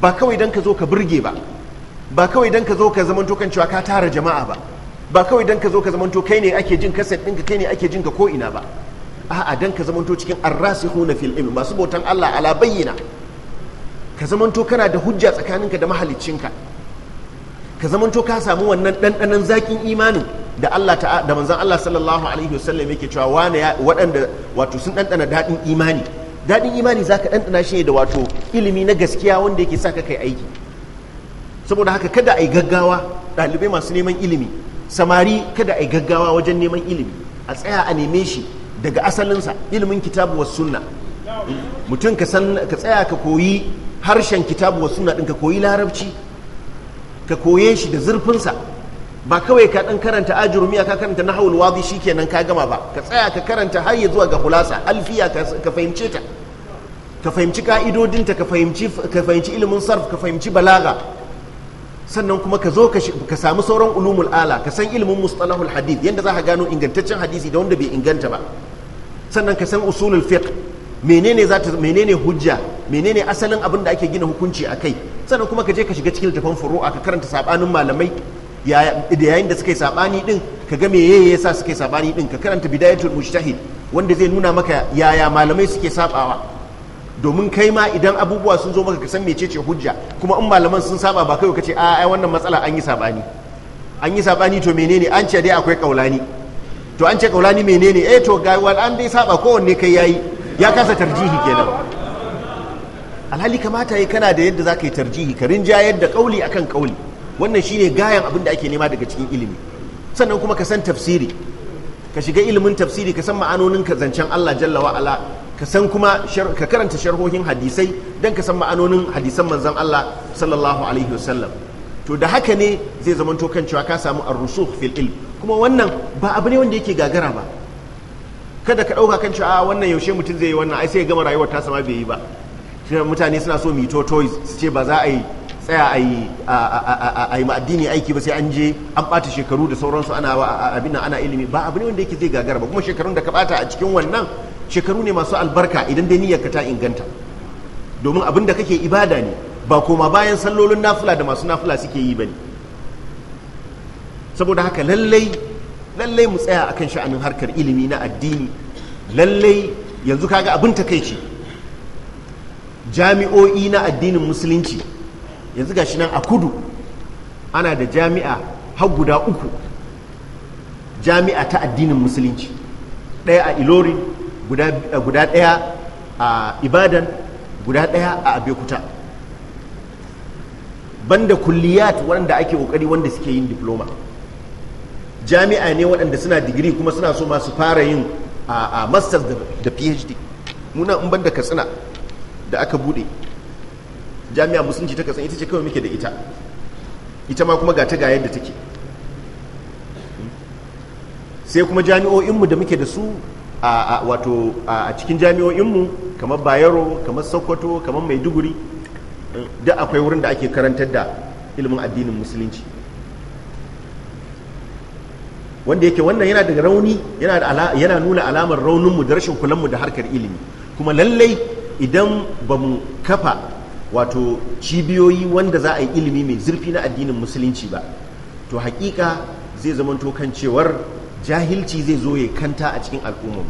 ba kawai dan ka zo ka burge ba ba kawai dan ka zo ka zamanto kan cewa ka tara jama'a ba ba kawai dan ka zo ka zamanto kai ne ake jin kaset ɗinka kai ne ake jin ka koina ina ba a'a dan ka zamanto cikin arrasihuna fil ilm masu bautan Allah ala bayyana. ka zamanto kana da hujja tsakaninka da mahaliccinka ka zamanto ka samu wannan ɗanɗanon zakin imanin da Allah ta da manzon Allah sallallahu alaihi wasallam yake cewa wane waɗanda wato sun ɗanɗana daɗin imani daɗin imani zaka ɗanɗana shi ne da wato ilimi na gaskiya wanda yake sa ka kai aiki saboda haka kada a yi gaggawa ɗalibai masu neman ilimi samari kada a yi gaggawa wajen neman ilimi a tsaya a neme shi daga asalinsa ilimin kitabu wa sunna mutum ka tsaya ka koyi harshen kitabu wa sunna ɗin ka koyi larabci ka koye shi da zurfinsa ba kawai ka ɗan karanta ajurumiya ka karanta na nahawul wadi kenan ka gama ba ka tsaya ka karanta har ya zuwa ga hulasa alfiya ka fahimce ta ka fahimci ka'idodinta ka fahimci ilimin sarf ka fahimci balaga sannan kuma ka zo ka samu sauran ulumul ala ka san ilimin mustalahul hadith yadda za ka gano ingantaccen hadisi da wanda bai inganta ba sannan ka san usulul fiqh menene za ta menene hujja menene asalin abin da ake gina hukunci a kai sannan kuma ka je ka shiga cikin littafin furu'a ka karanta sabanin malamai da yayin da suka yi sabani din ka ga me yayi yasa suka yi sabani din ka karanta bidayatul mujtahid wanda zai nuna maka yaya malamai suke sabawa domin kai ma idan abubuwa sun zo maka ka san mecece hujja kuma in malaman sun saba ba kai kace a ai wannan matsala an yi sabani an yi sabani to menene an ce dai akwai kaulani to an ce kaulani menene eh to ga wal an dai saba kowanne kai yayi ya kasa tarjihi kenan alhali kamata yi kana da yadda zaka yi tarjihi ka rinjayar da kauli akan kauli wannan shine gayan abin da ake nema daga cikin ilimi sannan kuma ka san tafsiri ka shiga ilimin tafsiri ka san ma'anonin ka zancen Allah jalla wa ala ka san kuma ka karanta sharhohin hadisai don ka san ma'anonin hadisan manzan Allah sallallahu alaihi wasallam to da haka ne zai zamanto kan cewa ka samu ar-rusukh fil ilm kuma wannan ba abu ne wanda yake gagara ba kada ka ɗauka kan cewa ah, wannan yaushe mutum zai yi wannan ai sai ya gama rayuwar ta sama bai yi ba mutane suna so mito toys su ce ba za a yi tsaya a yi ma'addini aiki ba sai an je an bata shekaru da sauransu ana abin ana ilimi ba abu ne wanda yake zai gagara ba kuma shekarun da ka bata a cikin wannan shekaru ne masu albarka idan dai niyyarka ta inganta domin abin da kake ibada ne ba koma bayan sallolin nafula da masu nafula suke yi ba bane saboda haka lallai lallai mu tsaya akan sha'anin harkar ilimi na addini lallai yanzu kaga abin takaici jami'o'i na addinin musulunci yanzu gashi nan a kudu ana da jami'a har guda uku jami'a ta addinin musulunci ɗaya a Ilorin. Eh, guda ɗaya a ibadan guda ɗaya a abekuta banda kulliyat waɗanda ake ƙoƙari wanda suke yin diploma jami'a ne waɗanda suna digiri kuma suna so masu fara yin a masters da phd muna in banda katsina da aka buɗe jami'a musulunci ta katsina ita ce kawai muke da ita ita ma kuma ga ta ga yadda take hmm. sai kuma jami'o'inmu da muke da su a wato a cikin jami'o'inmu kamar bayero kamar sokoto kamar maiduguri duk akwai wurin da ake karantar da ilimin addinin musulunci wanda yake wannan yana da rauni yana nuna alamar rauninmu da rashin kulanmu da harkar ilimi kuma lallai idan ba mu kafa wato cibiyoyi wanda za a yi ilimi mai zurfi na addinin musulunci ba to hakika zai zamanto kan cewar jahilci zai zo ya kanta a cikin al'umma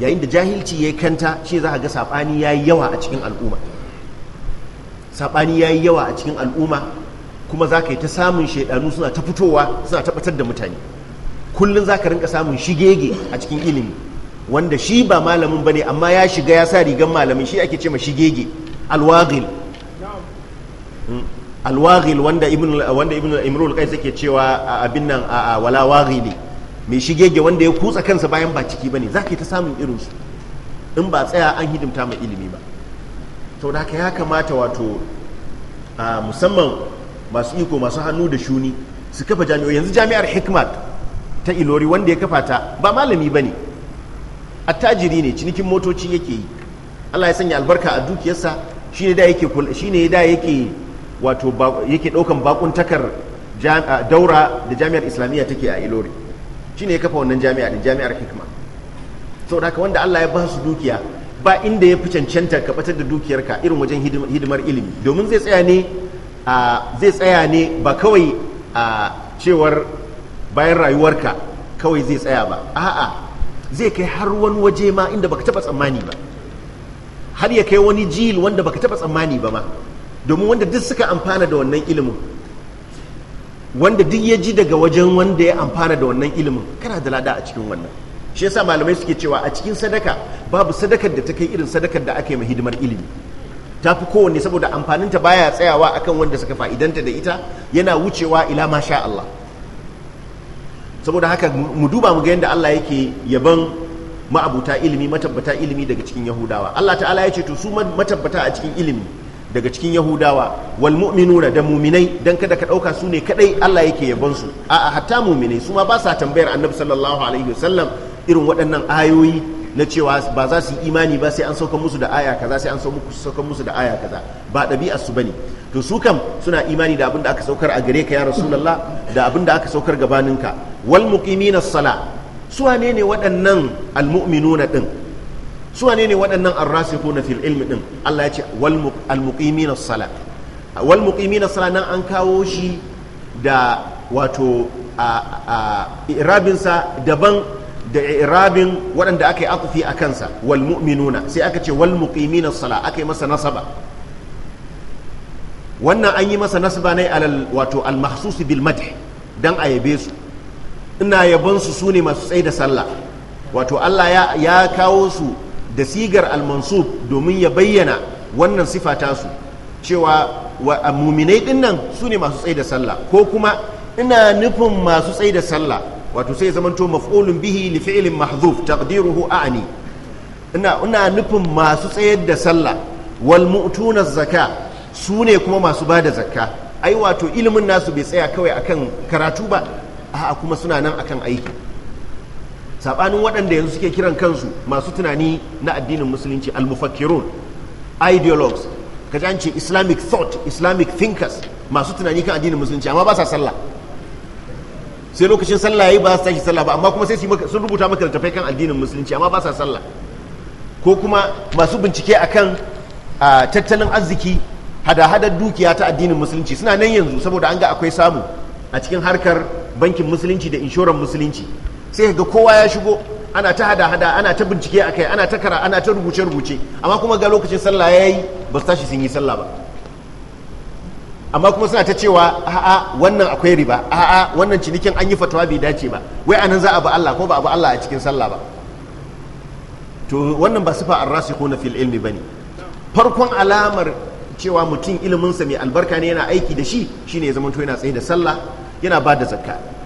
yayin da jahilci ya kanta shi za ga sabani yayi yawa a cikin al'umma sabani yayi yawa a cikin al'umma kuma za ka yi ta samun shaidanu suna ta fitowa suna tabbatar da mutane kullum za ka rinka samun shigege a cikin ilimi wanda shi ba malamin ba ne amma ya shiga ya sa rigar malamin shi ake ce ma shigege alwagil hmm. alwagil wanda ibn al imrul kai yake cewa abin nan a wala waghili mai ga wanda ya kutsa kansa bayan ba ciki bane zaka ta samun irin su in ba tsaya an hidimta mai ilimi ba saboda haka ya kamata wato musamman masu iko masu hannu da shuni su kafa jami'o yanzu jami'ar hikmat ta ilori wanda ya kafa ta ba malami ba ne attajiri ne cinikin motoci yake yi allah ya sanya albarka a dukiyarsa shi ne da yake shi ne da ɗaukan bakuntakar daura da jami'ar islamiyya take a ilori shine ya kafa wannan jami'a din jami'ar hikima? saboda haka wanda Allah ya ba su dukiya ba inda ya fi cancanta ka batar da dukiyarka irin wajen hidimar ilimi domin zai tsaya ne zai tsaya ne ba kawai a cewar bayan rayuwarka kawai zai tsaya ba a'a zai kai har wani waje ma inda baka taba tsammani ba har ya kai wani jil wanda baka taba tsammani ba ma domin wanda duk suka amfana da wannan ilimin wanda duk ya ji daga wajen wanda ya amfana da wannan ilimin kana da lada a cikin wannan shi yasa malamai suke cewa a cikin sadaka babu sadakar da ta kai irin sadakar da aka yi hidimar ilimi ta fi kowanne saboda amfaninta baya tsayawa akan wanda suka fa'idanta da ita yana wucewa ila masha Allah saboda haka mu duba mu ga yadda Allah yake yaban ma'abuta ilimi matabbata ilimi daga cikin Yahudawa Allah ta'ala ya ce to su matabbata a cikin ilimi daga cikin yahudawa wal mu'minuna da muminai dan kada ka dauka su ne kadai Allah yake yabon su a hatta muminai su ma ba sa tambayar annabi sallallahu alaihi wasallam irin waɗannan ayoyi na cewa ba za su yi imani ba sai an sauka musu da aya kaza sai an sauka musu da aya kaza ba ɗabi'ar su bane to su kam suna imani da abin da aka saukar a gare ka ya rasulullah da abin da aka saukar gabaninka wal muqimina sala su ne ne waɗannan almu'minuna din su wane ne waɗannan na fil ilmi din Allah ya ce wal almuqimina salat wal na nan an kawo shi da wato irabinsa daban da irabin waɗanda aka yi akufi a kansa walmuminuna sai aka ce wal muqimina salat aka yi masa nasaba wannan an yi masa nasaba ne alal wato al bil madh dan a yabe su ina yabon su sune masu tsaye da sallah wato Allah ya kawo su da sigar almansub domin ya bayyana wannan sifa tasu cewa wa muminai dinnan su ne masu tsaye da sallah ko kuma ina nufin masu tsaye da sallah wato sai zamanto maf'ulun bihi li fi'lin mahzuf taqdiruhu a'ni ina ina nufin masu tsayar da sallah wal mu'tuna zakka su ne kuma masu bada zakka ai wato ilimin nasu bai tsaya kawai akan karatu ba a kuma suna nan akan aiki sabanin waɗanda yanzu suke kiran kansu masu tunani na addinin musulunci almufakirun ideologues ka an ce islamic thought islamic thinkers masu tunani kan addinin musulunci amma ba sa sallah sai lokacin sallah yayi ba su tashi sallah ba amma kuma sai sun rubuta maka littattafai kan addinin musulunci amma ba sa sallah ko kuma masu bincike a kan tattalin arziki hada-hadar dukiya ta addinin musulunci suna nan yanzu saboda an ga akwai samu a cikin harkar bankin musulunci da inshoran musulunci sai ga kowa ya shigo ana ta hada hada ana ta bincike akai ana ta kara ana ta rubuce rubuce amma kuma ga lokacin sallah yayi ba su tashi sun yi sallah ba amma kuma suna ta cewa a'a wannan akwai riba a'a wannan cinikin an yi fatawa bai dace ba wai anan za a bi Allah ko ba a ba Allah a cikin sallah ba to wannan ba sifa ar-rasikhuna fil ilmi bane farkon alamar cewa mutum iliminsa mai albarka ne yana aiki da shi shine ya zama to yana tsaye da sallah yana ba da zakka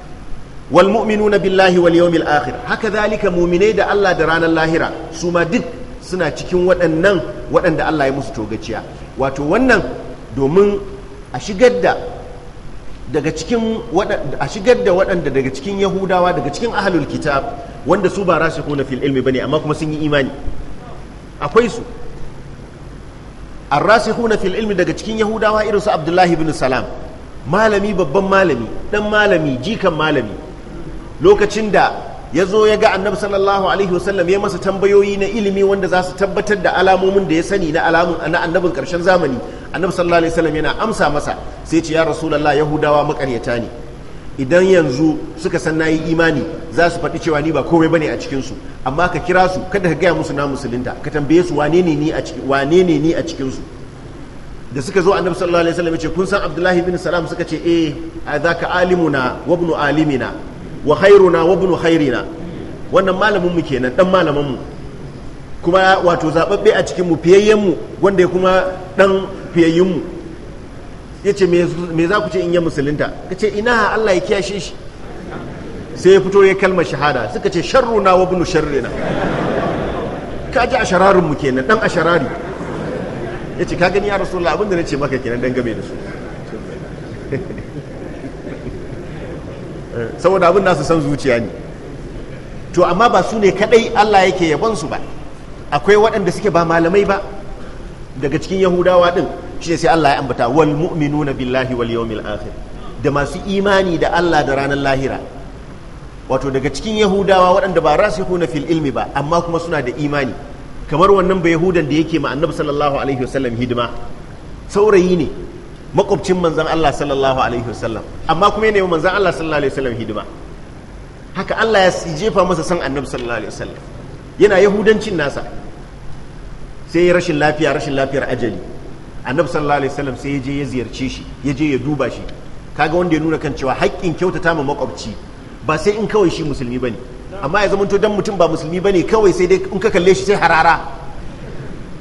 wal mu'minuna billahi wal yawmil akhir haka zalika mu'minai da Allah da ranar lahira su ma duk suna cikin waɗannan waɗanda Allah ya musu togaciya wato wannan domin a shigar da daga cikin a shigar da waɗanda daga cikin yahudawa daga cikin ahalul kitab wanda su ba rasikhuna fil ilmi bane amma kuma sun yi imani akwai su ar-rasikhuna fil ilmi daga cikin yahudawa irin su abdullahi ibn salam malami babban malami dan malami jikan malami lokacin da ya zo ya ga annabi sallallahu alaihi wasallam ya masa tambayoyi na ilimi wanda za su tabbatar da alamomin da ya sani na alamun na annabin karshen zamani annabi sallallahu alaihi wasallam yana amsa masa sai ce ya rasulullahi yahudawa makaryata ne idan yanzu suka san nayi imani za su faɗi cewa ni ba komai bane a cikin su amma ka kira su kada ka gaya musu na musulunta ka tambaye su wane ne ni a cikin wane ne ni a cikin su da suka zo annabi sallallahu alaihi wasallam ya ce kun san abdullahi bin salam suka ce eh zaka alimuna wa ibn alimina wa khairuna wa bunu khairina wannan malamin mu kenan dan malamin mu kuma wato zababbe a cikin mu fiyayyen mu wanda ya kuma dan fiyayyen mu yace me me za ku ce in ya musulunta kace ina Allah ya kiyashe shi sai ya fito ya kalmar shahada suka ce sharruna wa bunu sharrina kaji ashararin mu kenan dan asharari yace ka gani ya rasulullah abinda nace maka kenan dan game da su saboda abin nasu san zuciya ne to amma ba su ne kadai Allah yake yabon su ba akwai waɗanda suke ba malamai ba daga cikin yahudawa ɗin shi sai Allah ya ambata wal mu'minuna billahi wal yawmil akhir da masu imani da Allah da ranar lahira wato daga cikin yahudawa waɗanda ba rasikhuna fil ilmi ba amma kuma suna da imani kamar wannan ba yahudan da yake ma annabi sallallahu alaihi wasallam hidima saurayi ne makwabcin manzan Allah sallallahu alaihi wasallam amma kuma ya nemi manzan Allah sallallahu alaihi wasallam hidima haka Allah ya jefa masa san annabi sallallahu alaihi wasallam yana yahudancin nasa sai ya rashin lafiya rashin lafiyar ajali annabi sallallahu alaihi wasallam sai ya je ya ziyarce shi ya je ya duba shi kaga wanda ya nuna kan cewa haƙƙin kyautata ma makwabci ba sai in kawai shi musulmi bane amma ya zamanto dan mutum ba musulmi bane kawai sai dai in ka kalle shi sai harara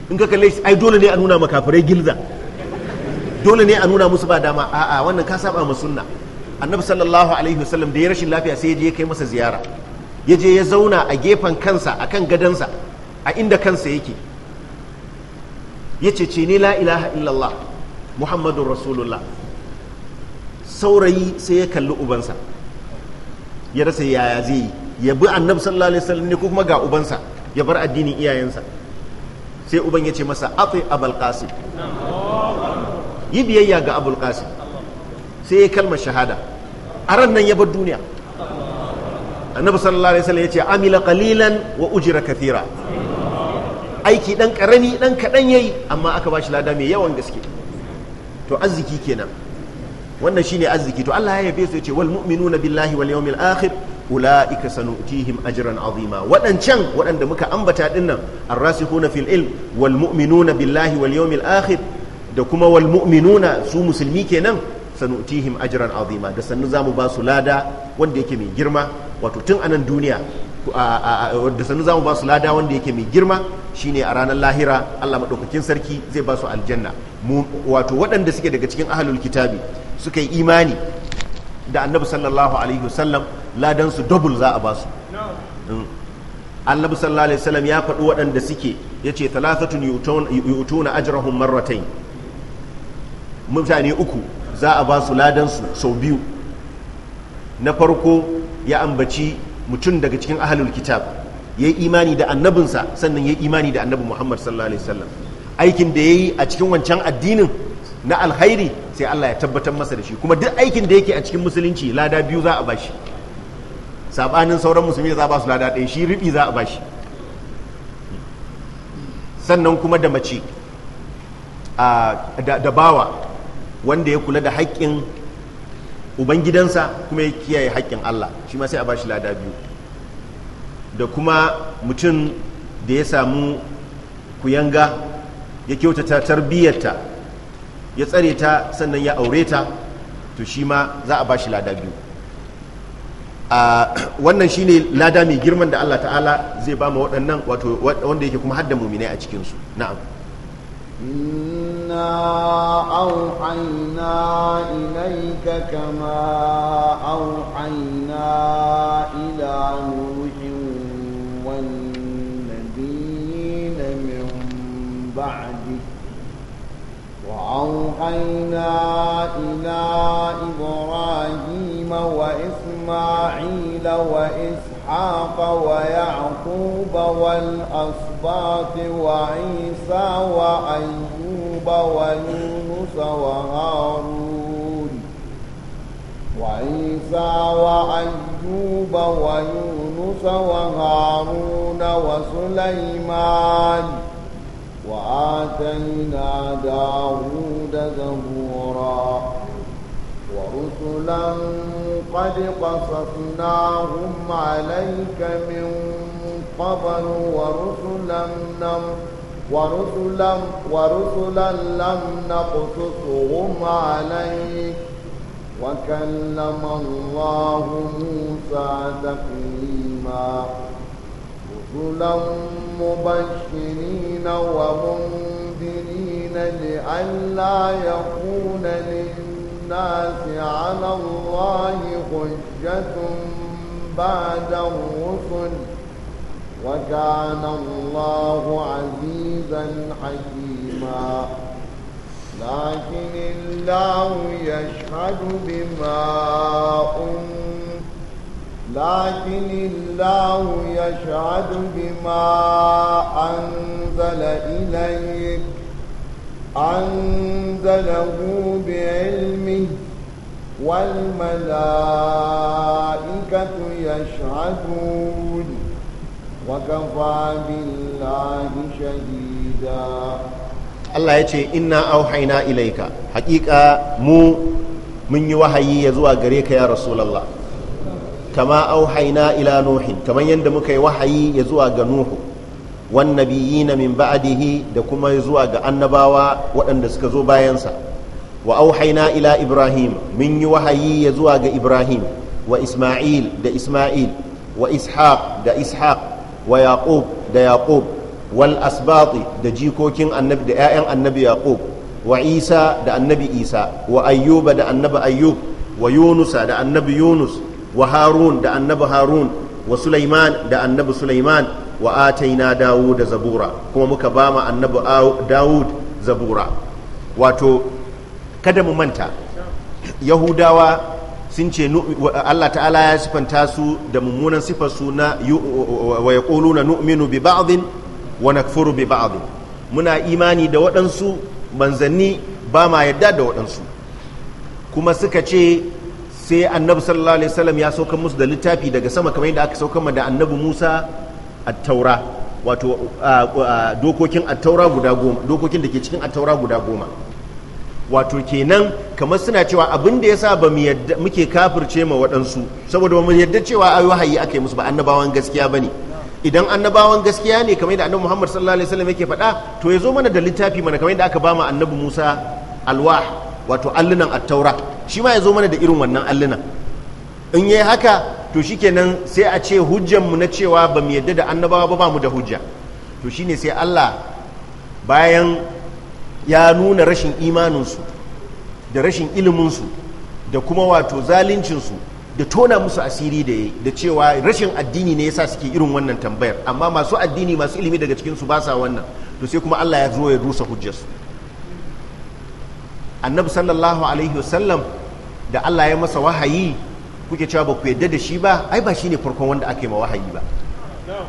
in ka kalle shi ai dole ne a nuna maka kafirai gilza dole ne a nuna musu ba dama a'a wannan ka saba mu sunna annabi sallallahu alaihi wasallam da ya rashin lafiya sai ya je kai masa ziyara ya je ya zauna a gefen kansa a kan gadansa a inda kansa yake ya ce ce ni la ilaha illallah muhammadun rasulullah saurayi sai ya kalli ubansa ya rasa yaya zai yi ya bi annabi sallallahu alaihi wasallam ne ko kuma ga ubansa ya bar addinin iyayensa sai uban ya ce masa ati qasim yi biyayya ga abul qasim sai ya kalmar shahada a ran nan ya bar duniya annabi sallallahu alaihi wasallam ya ce amila qalilan wa ujira kathira aiki dan karami dan kadan yayi amma aka bashi lada mai yawan gaske to arziki kenan wannan shine arziki to Allah ya yabe su yace wal mu'minuna billahi wal yawmil akhir ulaika sanu'tihim ajran azima wadancan wadanda muka ambata dinnan arrasihuna fil ilm wal mu'minuna billahi wal yawmil akhir da kuma wal mu'minuna su musulmi kenan sanutihim ajran azima da sannu zamu ba su lada wanda yake mai girma wato tun anan duniya da sannu zamu ba su lada wanda yake mai girma shine a ranar lahira Allah madaukakin sarki zai ba su aljanna wato waɗanda suke daga cikin ahlul kitabi suka yi imani da annabi sallallahu alaihi wasallam ladan su double za a ba su mm. annabi sallallahu alaihi wasallam ya faɗi waɗanda suke yace thalathatun yutuna ajrahum marratayn mutane uku za a ba su ladansu sau biyu na farko ya ambaci mutum daga cikin ahalul kitab ya yi imani da annabinsa sannan ya yi imani da annabin muhammad sallallahu alaihi wasallam aikin da ya yi a cikin wancan addinin na alhairi sai allah ya tabbatar masa da shi kuma duk aikin da yake a cikin musulunci lada biyu za a bashi sabanin sauran musulmi da za a ba su lada ɗaya shi riɓi za a bashi sannan kuma da mace da bawa wanda ya kula da haƙƙin ubangidansa kuma ya kiyaye haƙƙin Allah shi ma sai a bashi lada biyu da kuma mutum da ya samu kuyanga ya kyautata tarbiyyarta ya tsare ta sannan ya aure ta to shi ma za a bashi lada biyu wannan shi ne lada mai girman da Allah ta'ala zai ba ma waɗannan wato wanda yake kuma haddamu muminai a cikinsu na'am
إنا أوحينا إليك كما أوحينا إلى نوح والنبيين من بعد وأوحينا إلى إبراهيم وإسماعيل وإسحاق ويعقوب والأسباط وعيسى وأيوب ويونس وهارون وعيسى وأيوب ويونس وهارون وسليمان وآتينا داود زبورا ورسلا قد قصصناهم عليك من قبل ورسلا لم ورسلا ورسلا لم نقصصهم عليك وكلم الله موسى تكليما رسلا مبشرين ومنذرين لئلا يكون للناس على الله حجة بعد الرسل وكان الله عزيزا حكيما لكن الله يشهد بما أنزل لكن الله يشهد بما أنزل إليك أنزله بعلمه والملائكة يشهدون وكفى بالله شهيدا
الله يتي إنا أوحينا إليك حقيقة مو من يوحي يزوى غريك يا رسول الله kama auhaina ila nuhin kamar yadda muka yi wahayi ya zuwa ga nuhu wan nabiyina min ba'dihi da kuma zuwa ga annabawa waɗanda suka zo bayansa wa auhaina ila ibrahim mun yi wahayi ya zuwa ga ibrahim wa isma'il da isma'il wa ishaq da ishaq wa yaqub da yaqub wal asbati da jikokin annabi da 'ya'yan annabi yaqub wa isa da annabi isa wa ayyuba da annabi ayyub wa yunusa da annabi yunus wa harun da annabi harun wa sulaiman da annabi sulaiman wa ataina dawud zabura kuma muka ba ma annabi dawud zabura wato kada mu manta yahudawa sun ce Allah ta'ala ya sifanta su da mummunan sifar suna na wa yaquluna nu'minu bi ba'dhin wa nakfuru bi ba'dhin muna imani da waɗansu manzanni ba ma yadda da waɗansu kuma suka ce sai annabi sallallahu alaihi wasallam ya saukan musu da littafi daga sama kamar yadda aka saukan da annabi Musa at-taura wato dokokin at-taura guda goma dokokin da ke cikin at-taura guda goma wato kenan kamar suna cewa abin da yasa ba mu yadda muke kafirce ma waɗansu saboda ba mu yadda cewa ayi wahayi aka yi musu ba annabawan gaskiya bane idan annabawan gaskiya ne kamar yadda annabi Muhammad sallallahu alaihi wasallam yake faɗa to ya zo mana da littafi mana kamar yadda aka ba mu annabi Musa alwah wato allunan attaura shi ma ya zo mana da irin wannan allunan in yi haka to shikenan sai a ce hujjanmu na cewa ba mu yadda da annabawa ba ba mu da hujja to shine sai Allah bayan ya nuna rashin imaninsu da rashin iliminsu da kuma wato zalincinsu da tona musu asiri da ya da cewa rashin addini ne ya sa suke irin wannan tambayar amma masu addini masu ilimi daga cikinsu ba sa wannan to sai kuma Allah ya zo ya rusa hujjarsu annabi sallallahu alaihi wasallam da Allah ya masa wahayi kuke cewa ba ku yadda da shi ba ai ba shine farkon wanda aka yi ma wahayi ba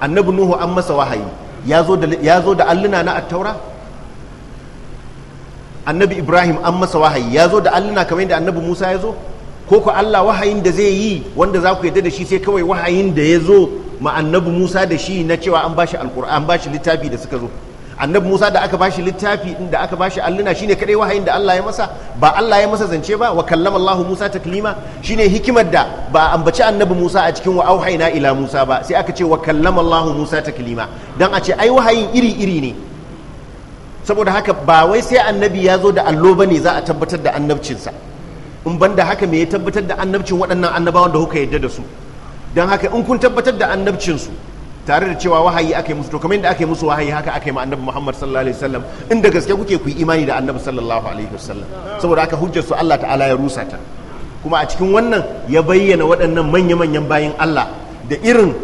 annabi nuhu an masa wahayi ya zo da alluna na attaura annabi ibrahim an masa wahayi ya zo da alluna kamar yadda annabi musa ya zo ko ku allah wahayin da zai yi wanda za ku yadda da shi sai kawai wahayin da ya zo ma annabi musa da shi na cewa an bashi alkur'an bashi littafi da suka zo annabi Musa da aka bashi littafi inda aka bashi alluna shine kadai wahayin da Allah ya masa ba Allah ya masa zance ba wa kallama Allah Musa taklima shine hikimar da ba ambaci annabi Musa a cikin wa auhayna ila Musa ba sai aka ce wa kallama Allah Musa taklima dan a ce ai wahayin iri iri ne saboda haka ba wai sai annabi ya zo da allo bane za a tabbatar da annabcinsa in banda haka me ya tabbatar da annabcin waɗannan annabawan da kuka yadda da su don haka in kun tabbatar da annabcinsu su tare da cewa wahayi aka yi musu to kamar yadda aka musu wahayi haka aka yi ma annabi Muhammad sallallahu alaihi wasallam inda gaske kuke ku yi imani da annabi sallallahu alaihi wasallam saboda aka hujjar su Allah ta'ala ya rusa ta kuma a cikin wannan ya bayyana waɗannan manya-manyan bayan Allah da irin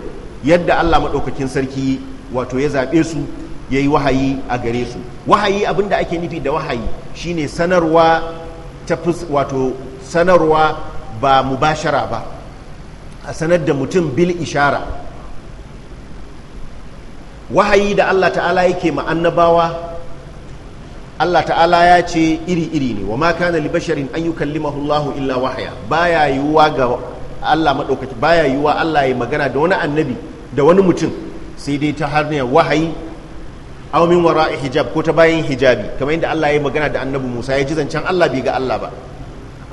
yadda Allah maɗaukakin sarki wato ya zaɓe su ya yi wahayi a gare su wahayi abin da ake nufi da wahayi shine sanarwa ta wato sanarwa ba mubashara ba a sanar da mutum bil ishara wahayi da Allah ta'ala yake ma annabawa Allah ta'ala ya ce iri-iri ne wa ma kana li basharin an yukallimahu Allah illa wahaya baya yiwuwa ga Allah madaukaki baya yiwuwa Allah ya magana da wani annabi da wani mutum sai dai ta hanyar wahayi aw min wara'i hijab ko ta bayan hijabi kamar yadda Allah ya magana da annabi Musa ya ji zancen Allah bai ga Allah ba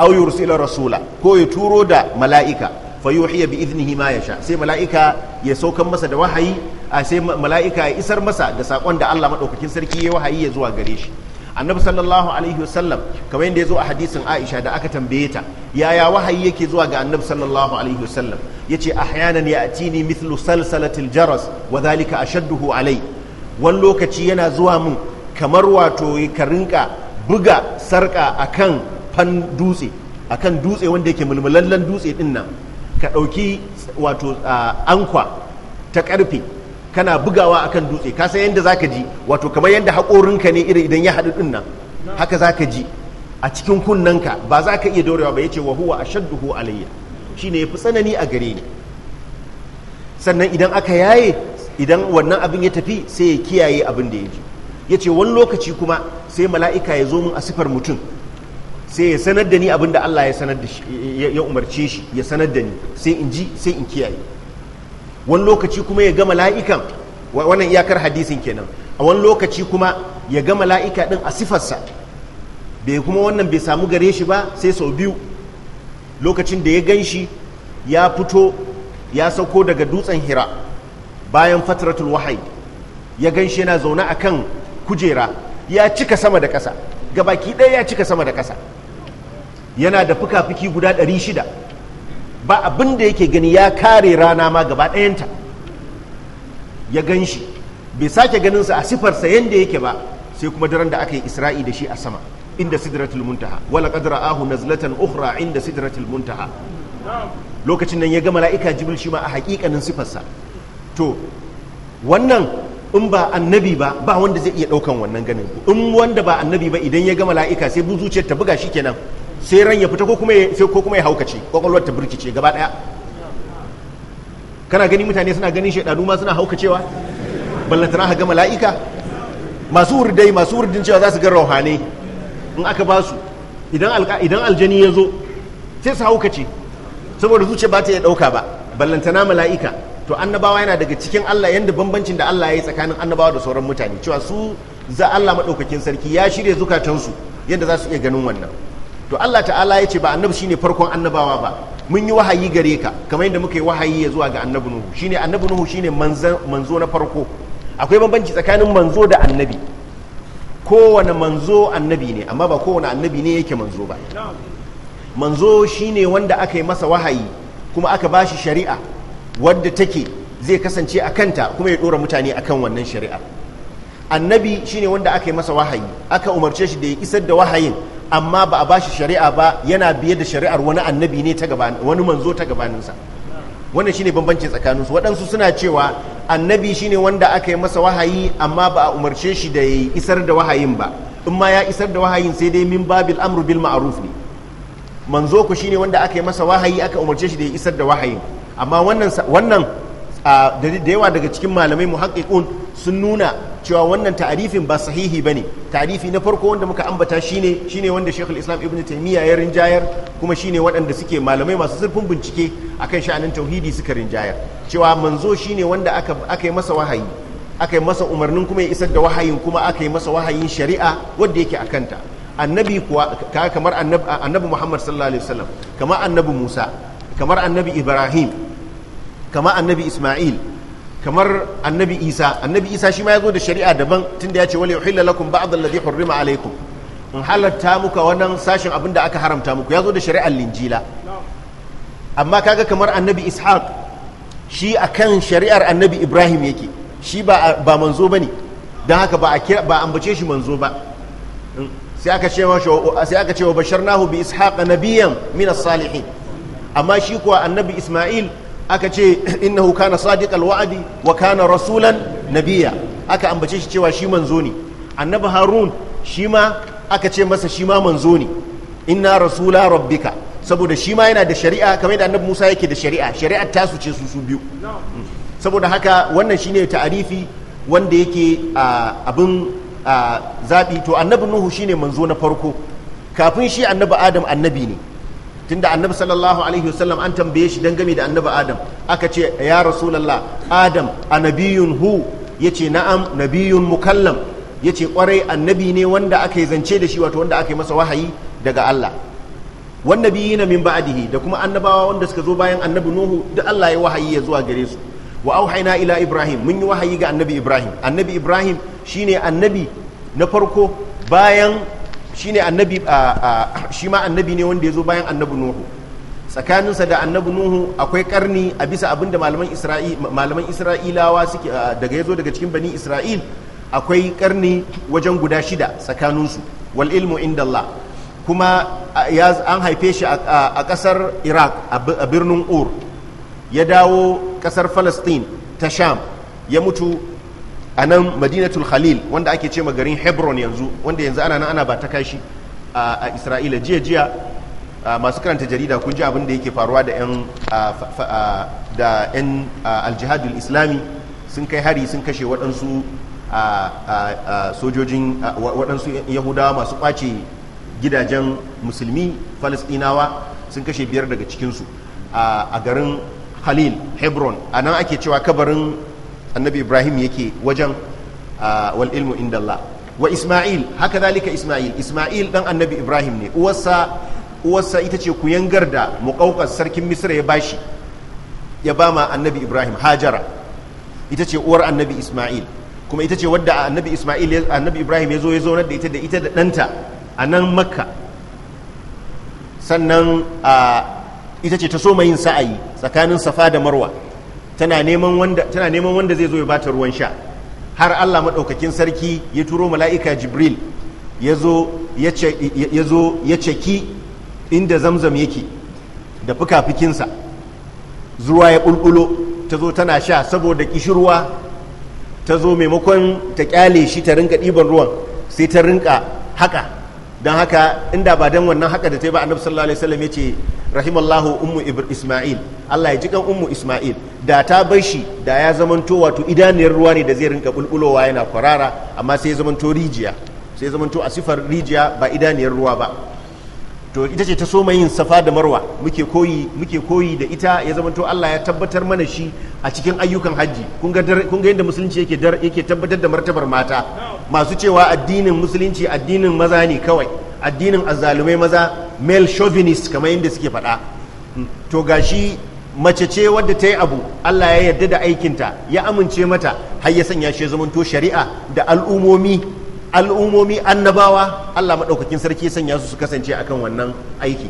aw yursila rasula ko ya turo da mala'ika fa bi idnihi ma yasha sai mala'ika ya saukan masa da wahayi sai mala'ika ya isar masa da sakon da Allah madaukakin sarki ya wahayi ya zuwa gare shi annabi sallallahu alaihi wasallam kamar yadda ya zo a hadisin aisha da aka tambaye ta yaya wahayi yake zuwa ga annabi sallallahu alaihi wasallam ya ce ahyanan ya atini mithlu salsalatil jaras wa dhalika ashadduhu alai wani lokaci yana zuwa mun kamar wato ka rinka buga sarka akan fan dutse akan dutse wanda yake mulmulallen dutse din nan ka ɗauki wato ankwa ta ƙarfe kana bugawa akan dutse ka san yadda zaka ji wato kamar yadda haƙorinka ne irin idan ya haɗu ɗin nan haka zaka ji a cikin kunnanka ba za ka iya dorewa ba ya ce wa huwa shadduhu alayya shi ne ya fi tsanani a gare ni sannan idan aka yaye idan wannan abin ya tafi sai ya kiyaye abin da ya ji ya ce wani lokaci kuma sai mala'ika ya zo min a sifar mutum sai ya sanar da ni abin da Allah ya umarce shi ya sanar da ni sai in ji sai in kiyaye wani lokaci kuma ya gama la'ikan wannan iyakar hadisin kenan a wani lokaci kuma ya gama la'ika din a sifarsa bai kuma wannan bai samu gare shi ba sai sau biyu lokacin da ya gan shi ya fito ya sauko daga dutsen hira bayan fatratul wahai ya gan shi yana zaune a kan kujera ya cika sama da ƙasa gabaki ɗaya ya cika sama da kasa. yana da fuka-fuki guda 600 ba abin da yake gani ya kare rana ma gaba ɗayanta ya gan shi bai sake ganinsa a sifarsa yadda yake ba sai kuma daren da aka yi isra'i da shi a sama inda sidratul muntaha wala qadra ahu nazlatan ukhra inda sidratul muntaha lokacin nan ya ga mala'ika jibril shi ma a hakikanin sifarsa to wannan in ba annabi ba ba wanda zai iya daukan wannan ganin in wanda ba annabi ba idan ya ga mala'ika sai bu zuciyar ta buga shi kenan sai ran ya fita ko kuma sai ko kuma ya haukace kwakwalwar ta burkice gaba daya kana gani mutane suna ganin shaidanu ma suna haukacewa ballantana ha ga mala'ika masu hurdai masu hurdin cewa za su ga rauhanai in aka ba su idan aljani ya zo sai su haukace saboda zuciya ba ta iya dauka ba ballantana mala'ika to annabawa yana daga cikin Allah yanda bambancin da Allah ya yi tsakanin annabawa da sauran mutane cewa su za Allah madaukakin sarki ya shirya zukatansu yadda za su iya ganin wannan to Allah ta'ala ya ce ba annabi shine farkon annabawa ba mun yi wahayi gare ka kamar yadda muka yi wahayi ya zuwa ga annabi nuhu shine annabi nuhu shine manzo na farko akwai bambanci tsakanin manzo da annabi kowane manzo annabi ne amma ba kowane annabi ne yake manzo ba manzo shine wanda aka yi masa wahayi kuma aka bashi shari'a wadda take zai kasance a kanta kuma ya ɗora mutane akan wannan shari'a annabi shine wanda aka yi masa wahayi aka umarce shi da ya isar da wahayin amma ba a bashi shari'a ba yana biye da shari'ar wani annabi ne ta gabanin wani manzo ta gabaninsa wannan shine bambanci tsakaninsu waɗansu suna cewa annabi shine wanda aka yi masa wahayi amma ba a umarce shi da ya isar da wahayin ba in ma ya isar da wahayin sai dai min babil amru bil ma'ruf ne manzo ku shine wanda aka yi masa wahayi aka umarce shi da ya isar da wahayin amma wannan wannan da yawa daga cikin malamai muhaqqiqun sun nuna cewa wannan ta'arifin ba sahihi bane ta'arifi na farko wanda muka ambata shine shine wanda Sheikh islam Ibn Taymiyyah ya rinjayar kuma shine waɗanda suke malamai masu zurfin bincike akan sha'anin tauhidi suka rinjayar cewa manzo shine wanda aka aka yi masa wahayi aka yi masa umarnin kuma ya isar da wahayin kuma aka yi masa wahayin shari'a wanda yake akanta annabi kuwa kamar annabi Muhammad sallallahu alaihi wasallam kamar annabi Musa kamar annabi Ibrahim kamar annabi Isma'il kamar annabi isa annabi isa shi ma ya zo da shari'a daban tunda ya ce wale uhilla lakum ba'd alladhi hurrima alaikum in halatta muka wannan sashin abin da aka haramta muku ya zo da shari'ar linjila amma kaga kamar annabi ishaq shi akan shari'ar annabi ibrahim yake shi ba ba manzo bane dan haka ba ba ambace shi manzo ba sai aka ce wa sai aka ce wa basharnahu bi ishaq nabiyyan min as-salihin amma shi kuwa annabi isma'il aka ce innahu kana sadiqal wa'adi wa kana rasulan nabiya aka ambace shi cewa shi manzo ne annabi harun shi ma aka ce masa shi ma manzo ne inna rasula rabbika saboda shi ma yana da shari'a kamar da annabi musa yake da shari'a shari'ar su ce su su biyu saboda haka wannan shine ta'arifi wanda yake abin zaɓi to annabi nuhu shine manzo na farko kafin shi annabi adam annabi ne tunda annabi sallallahu alaihi wasallam an tambaye shi dangane da annabi adam aka ce ya rasulallah adam a nabiyun hu ya ce na'am nabiyun mukallam ya ce kwarai annabi ne wanda aka yi zance da shi wato wanda aka yi masa wahayi daga Allah na min ba'adihi da kuma annabawa wanda suka zo bayan annabi nuhu duk Allah ya wahayi ya zuwa gare su wa auhaina ila ibrahim mun yi wahayi ga annabi ibrahim annabi ibrahim shine annabi na farko bayan shi ne annabi shi ma annabi ne wanda ya zo bayan annabi nuhu tsakaninsa da annabi nuhu akwai karni a bisa abin da malaman isra'ilawa suke daga ya zo daga cikin bani isra'il akwai karni wajen guda shida tsakaninsu wal ilmu inda Allah kuma an haife shi a kasar iraq a birnin ur ya dawo kasar falastin ta sham ya mutu a nan madinatul khalil wanda ake ce garin hebron yanzu wanda yanzu ana nan ana ba ta kashi a isra'ila jiya jiya masu karanta jarida kun ji abin da yake faruwa da yan aljihadul islami sun kai hari sun kashe waɗansu sojojin waɗansu yahudawa masu ɓace gidajen musulmi falasɗinawa sun kashe biyar daga cikinsu a garin khalil hebron a nan ake cewa kabarin annabi ibrahim yake wajen wal ilmu inda Allah wa isma'il haka zalika isma'il isma'il dan annabi ibrahim ne uwarsa uwarsa ita ce kuyangar da muƙaukar sarkin misra ya bashi ya ba ma annabi ibrahim hajara ita ce uwar annabi isma'il kuma ita ce wadda annabi isma'il annabi ibrahim ya zo ya zaunar da ita da ita da ɗanta a nan makka sannan ita ce ta ma yin sa'ayi tsakanin safa da marwa tana neman wanda zai zo ya bata ruwan sha har Allah maɗaukakin sarki ya turo mala'ika Jibril ya zo ya ceki inda zamzam yake da fuka fikinsa zuwa ya bulbulo ta zo tana sha saboda kishirwa ta zo maimakon ta kyale shi ta rinka ɗiban ruwan sai ta rinka haka don haka inda ba don wannan haka da ta yi ba annabi sallallahu alaihi wasallam ya ce rahimallahu ummu isma'il Allah ya ji kan ummu isma'il da ta bar shi da ya zamanto wato idaniyar ruwa ne da zai rinka bulbulowa yana kwarara amma sai zamanto rijiya sai zamanto a sifar rijiya ba idaniyar ruwa ba to ita ce ta soma yin safa da marwa muke koyi muke koyi da ita ya zama to Allah ya tabbatar mana shi a cikin ayyukan hajji kun ga kun ga yadda musulunci yake yake tabbatar da martabar mata masu cewa addinin musulunci addinin maza ne kawai addinin azzalumai maza male chauvinist kamar yadda suke faɗa hmm. to gashi mace ce wadda ta yi abu Allah ya yarda da aikinta ya amince mata har ya sanya shi ya zama to shari'a da al'umomi al'umomi annabawa Allah maɗaukakin sarki sanya su su kasance a kan wannan aiki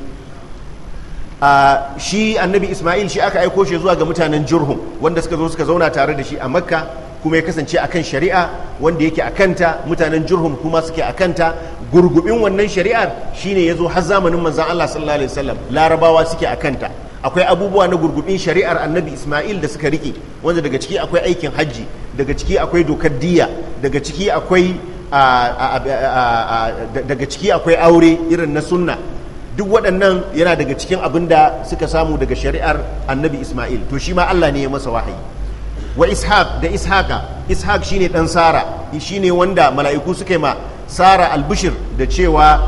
shi annabi Ismail shi aka aiko shi zuwa ga mutanen Jurhum wanda suka zo suka zauna tare da shi a Makka kuma ya kasance a kan shari'a wanda yake a kanta mutanen Jurhum kuma suke kanta gurgubin wannan shari'ar shi ne ya zo har zamanin manzan Allah sallallahu alaihi wasallam larabawa suke akanta akwai abubuwa na gurgubin shari'ar annabi Ismail da suka rike wanda daga ciki akwai aikin hajji daga ciki akwai dokar diya daga ciki akwai daga ciki akwai aure irin na sunna duk waɗannan yana daga cikin abin da suka samu daga shari'ar annabi ismail to shi ma allah ne ya masa wahayi wa ishaq da Ishaqa ishaq shine dan sara shine wanda mala'iku suka yi ma sara albishir da cewa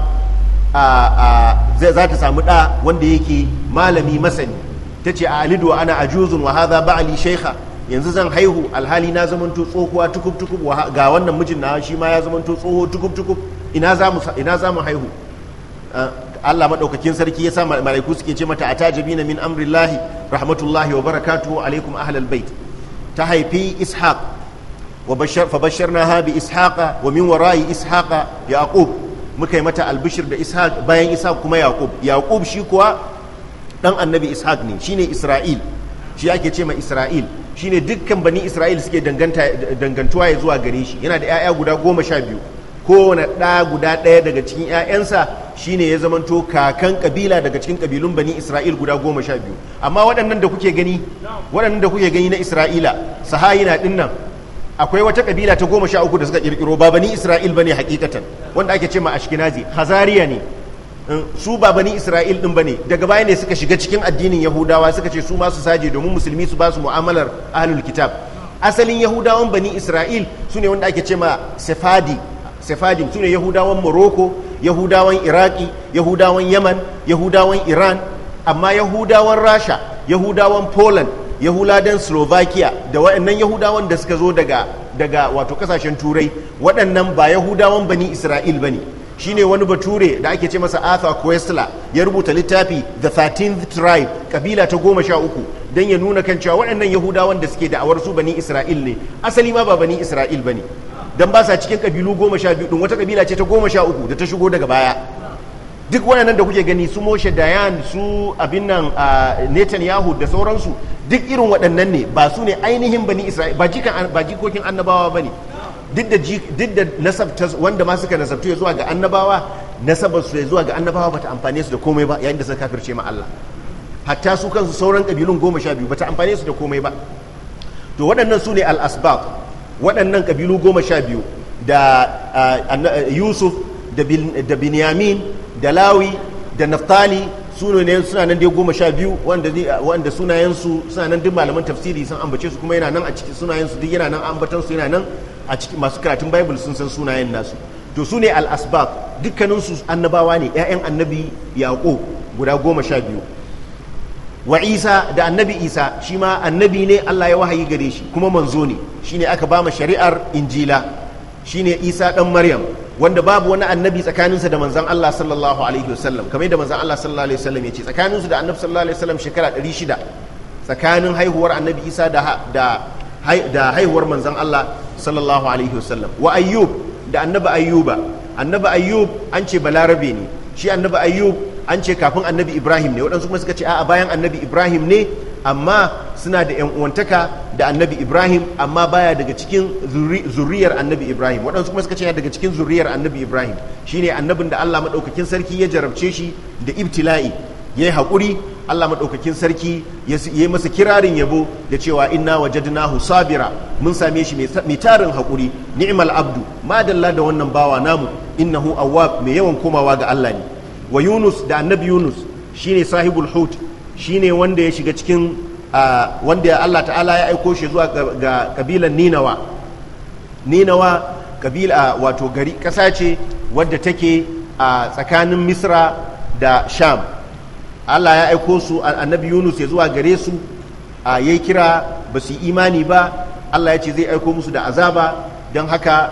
za ta samu ɗa wanda yake malami masani ta ce a alidu ana ajuzun wa hadha ba'ali shaykha yanzu zan haihu alhali na zamanto tsohuwa tukub tukub ga wannan mijin na shi ma ya zamanto tsoho tukub tukub ina za mu haihu ah, Allah madaukakin sarki ya sa malaiku suke ce mata atajibina min amrillahi rahmatullahi wa barakatuhu alaikum ahlal bait ta haifi ishaq wa bashar fa basharnaha bi ishaqa wa min wara'i ishaqa yaqub muka yi mata albishir da ishaq bayan ishaq kuma yaqub yaqub shi kuwa dan annabi ishaq ne shine isra'il shi ake ce ma isra'il shine dukkan bani isra'il suke dangantuwa ya zuwa gare shi yana da 'ya'ya guda goma sha biyu kowane ɗa guda ɗaya daga cikin 'ya'yansa shine ya zamanto kakan kabila daga cikin kabilun bani isra'il guda goma sha biyu amma waɗannan da kuke gani waɗannan da kuke gani na isra'ila sahayina ɗin nan akwai wata kabila ta goma sha uku da suka ƙirƙiro ba bani isra'il ba ne hakikatan wanda ake ce ma ashkinazi hazariya ne su ba bani isra'il din bane daga baya ne suka shiga cikin addinin yahudawa suka ce su ma su saje domin musulmi su ba su mu'amalar ahlul kitab asalin yahudawan bani isra'il su ne wanda ake ce ma sefadi sefadi su ne yahudawan morocco yahudawan iraki yahudawan yaman yahudawan iran amma yahudawan rasha yahudawan poland yahudawan slovakia da waɗannan yahudawan da suka zo daga daga wato kasashen turai waɗannan ba yahudawan bani isra'il bane shine wani bature da ake ce masa Arthur Koestler ya rubuta littafi The 13th Tribe kabila ta goma sha uku don ya nuna kan cewa waɗannan Yahudawan da suke da'awar su bani Isra'il ne asali ma ba bani Isra'il ne. don ba sa cikin kabilu goma sha biyu wata kabila ce ta goma sha uku da ta shigo daga baya duk waɗannan da kuke gani su Moshe Dayan su abin nan Netanyahu da sauransu duk irin waɗannan ne ba su ne ainihin bani Isra'il ba jikokin annabawa ba ne. duk da nasabta wanda ma suka nasabtu ya zuwa ga annabawa nasabar su ya zuwa ga annabawa bata amfane su da komai ba yayin da suka kafirce ma Allah hatta su kansu sauran kabilun goma sha biyu bata amfane su da komai ba to waɗannan su ne al-asbaq waɗannan kabilu goma sha biyu da Yusuf da Binyamin da Lawi da Naftali suna suna nan dai goma sha biyu wanda sunayensu suna nan duk malaman tafsiri sun ambace su kuma yana nan a cikin sunayensu duk yana nan ambatan su yana nan a cikin masu karatun bible sun san sunayen nasu to su ne al-asbab dukkaninsu annabawa ne 'ya'yan annabi yaƙo guda goma sha biyu wa isa da annabi isa shi ma annabi ne allah ya wahayi gare shi kuma manzo ne shi ne aka ba ma shari'ar injila shi ne isa ɗan maryam wanda babu wani annabi tsakaninsa da manzan allah sallallahu alaihi wasallam kamar da manzan allah sallallahu alaihi wasallam ya ce tsakaninsu da annabi sallallahu alaihi wasallam shekara ɗari shida tsakanin haihuwar annabi isa da da haihuwar manzan Allah sallallahu alaihi wasallam wa ayyub da annabi ayyuba annabi ayyub an ce balarabe ne shi annabi ayyub an ce kafin annabi ibrahim ne waɗansu kuma suka ce a bayan annabi ibrahim ne amma suna da yan uwantaka da annabi ibrahim amma baya daga cikin zuriyar annabi ibrahim waɗansu kuma suka ce daga cikin zuriyar annabi ibrahim shine annabin da allah maɗaukakin sarki ya jarabce shi da ibtila'i ya yi hakuri Allah maɗaukakin sarki ya yi masa kirarin yabo da cewa inna wajadnahu sabira mun same shi mai tarin hakuri ni'mal abdu madalla da wannan bawa namu innahu awwab mai yawan komawa ga Allah ne wa Yunus da annabi Yunus shine sahibul hut shine wanda ya shiga cikin wanda Allah ta'ala ya aiko shi zuwa ga kabilan Ninawa Ninawa kabila wato gari ƙasa ce wadda take a tsakanin Misra da Sham Allah ya aiko su annabi Yunus ya zuwa gare su a yayi kira ba su imani ba Allah ya ce zai aiko musu da azaba don haka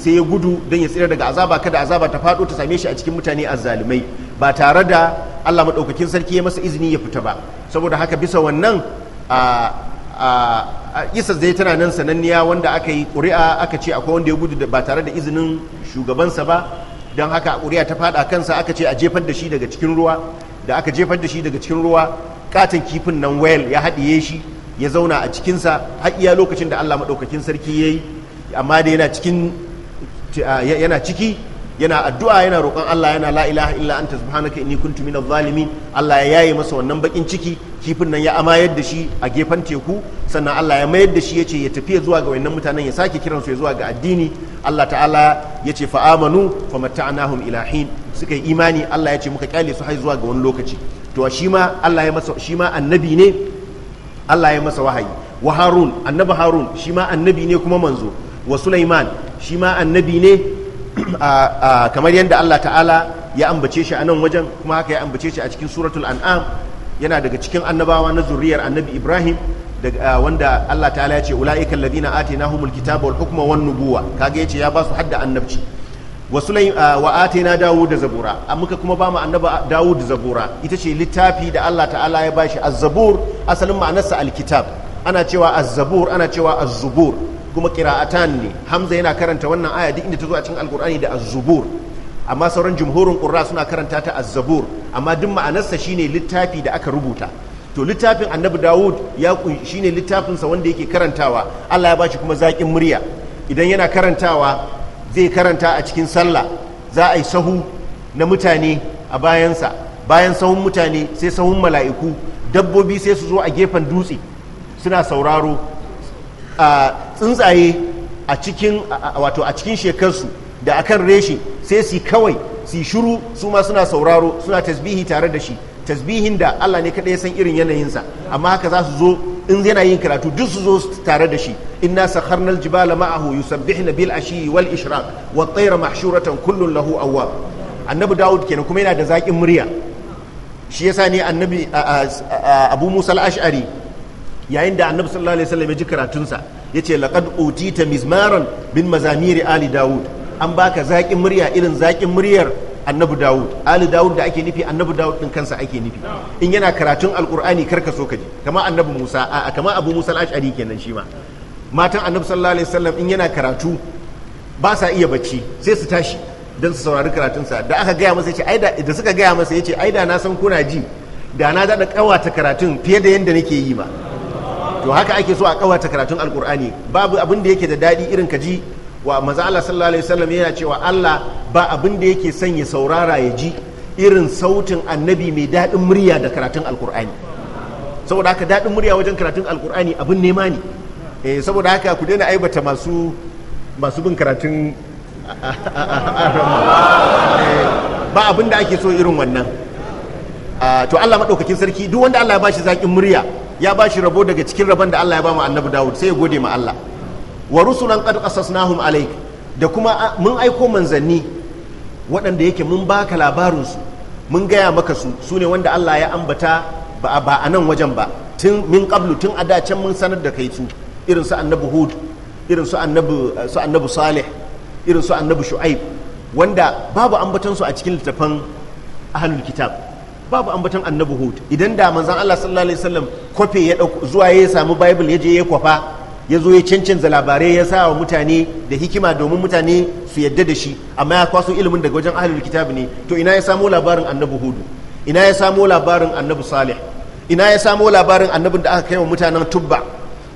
sai ya gudu don ya tsira daga azaba kada azaba ta faɗo ta same shi a cikin mutane azzalumai ba tare da Allah maɗaukakin sarki ya masa izini ya fita ba saboda haka bisa wannan isa zai tana nan sananniya wanda aka yi ƙuri'a aka ce akwai wanda ya gudu ba tare da izinin shugabansa ba don haka ƙuri'a ta faɗa kansa aka ce a jefar da shi daga cikin ruwa da aka jefar da shi daga cikin ruwa katon kifin nan wayal ya haɗiye shi ya zauna a cikinsa har iya lokacin da allah maɗaukakin sarki ya yi amma da yana ciki yana addu'a yana roƙon allah yana la ilaha illa anta subhanaka inni kuntu na zalimin allah ya yaye masa wannan bakin ciki kifin nan ya amayar da shi a gefen teku sannan allah ya mayar da shi ya ce ya tafiya zuwa ga wannan mutanen ya sake kiransu ya zuwa ga addini allah ta'ala ya ce fa'amanu fa matta'nahum ilahin. ilahin suka yi imani Allah ya ce muka kyale su har zuwa ga wani lokaci to shi ma Allah ya masa shi ma annabi ne Allah ya masa wahayi wa Harun annabi Harun shi ma annabi ne kuma manzo wa Sulaiman shi ma annabi ne kamar yadda Allah ta'ala ya ambace shi a nan wajen kuma haka ya ambace shi a cikin suratul an'am yana daga cikin annabawa na zuriyar annabi Ibrahim wanda Allah ta'ala ya ce ula'ika alladhina atainahumul kitaba wal hukma wan nubuwa kaga yace ya ba su hadda annabci wasulai ah, na dawo da zabura ah, muka kuma ba mu annaba dawud da zabura ita ce littafi da Allah ta'ala ya bashi shi azzabur asalin ma'anarsa alkitab ana cewa azzabur ana cewa azzubur kuma qira'atan ne hamza yana karanta wannan aya duk inda ta zo a cikin alqur'ani da azzubur amma sauran jumhurin ƙura suna karanta ta azzabur. amma duk ma'anarsa shine littafi da aka rubuta to littafin annabi dawud ya shine littafinsa wanda yake karantawa Allah ya bashi kuma zaƙin murya idan yana karantawa zai karanta a cikin sallah za a yi sahu na mutane a bayansa bayan sahun mutane sai sahun mala'iku dabbobi sai su zo a gefen dutse suna sauraro a tsuntsaye a cikin wato a cikin shekarsu da akan reshe sai su kawai su shuru su ma suna sauraro suna tasbihi tare da shi tasbihin da Allah ne kaɗai ya san irin yanayinsa amma haka za su zo in yana yin karatu duk su zo tare da shi inna sakharnal jibala ma'ahu yusabbihna bil ashi wal ishraq wat tayra mahshuratan kullun lahu awwab annabi Dawud kenan kuma yana da zakin murya shi yasa ne annabi Abu Musa al-Ash'ari yayin da annabi sallallahu alaihi wasallam ya ji karatunsa yace laqad utita mizmaran bin mazamiri ali Dawud an baka zaƙin murya irin zakin muryar annabi dawud ali dawud da ake nufi annabi dawud din kansa ake nufi in yana karatun kar karka so kaji kama annabi musa a kama abu musa al-ash'ari kenan shi ma matan annabi sallallahu alaihi wasallam in yana karatu ba sa iya bacci sai su tashi don su saurari karatunsa da aka gaya masa yace aida da suka gaya masa yace ai da na san kuna ji da na da kawata karatun fiye da yanda nake yi ba to haka ake so a kawata karatun alkur'ani babu abin da yake da dadi irin ka ji wa maza Allah sallallahu alaihi wasallam yana cewa Allah ba abin da yake son ya saurara ya ji irin sautin annabi mai daɗin murya da karatun alkur'ani saboda haka daɗin murya wajen karatun alkur'ani abin nema ne eh saboda haka ku daina aibata masu masu bin karatun eh, ba abin da ake so irin wannan ah, to Allah maɗaukakin sarki duk wanda Allah ya bashi zaƙin murya ya bashi rabo daga cikin rabon da Allah ya ba mu annabi Dawud sai ya gode ma Allah wa rusulan qad qasasnahum alayk da kuma mun aiko manzanni waɗanda yake mun baka labarin su mun gaya maka su su ne wanda Allah ya ambata ba a nan wajen ba tun min qablu tun a da can mun sanar da kai su irin su annabi hud irin su annabi su annabi salih irin su annabi shu'aib wanda babu ambatan su a cikin littafan ahlul kitab babu ambatan annabi hud idan da manzon Allah sallallahu alaihi wasallam kofe ya dauko zuwa ya samu bible ya je ya kwafa ya zo ya cancanza labarai ya sa wa mutane da hikima domin mutane su yadda da shi amma ya kwaso ilimin daga wajen ahlul kitab ne to ina ya samo labarin annabi hudu ina ya samo labarin annabi salih ina ya samo labarin annabin da aka kai wa mutanen tubba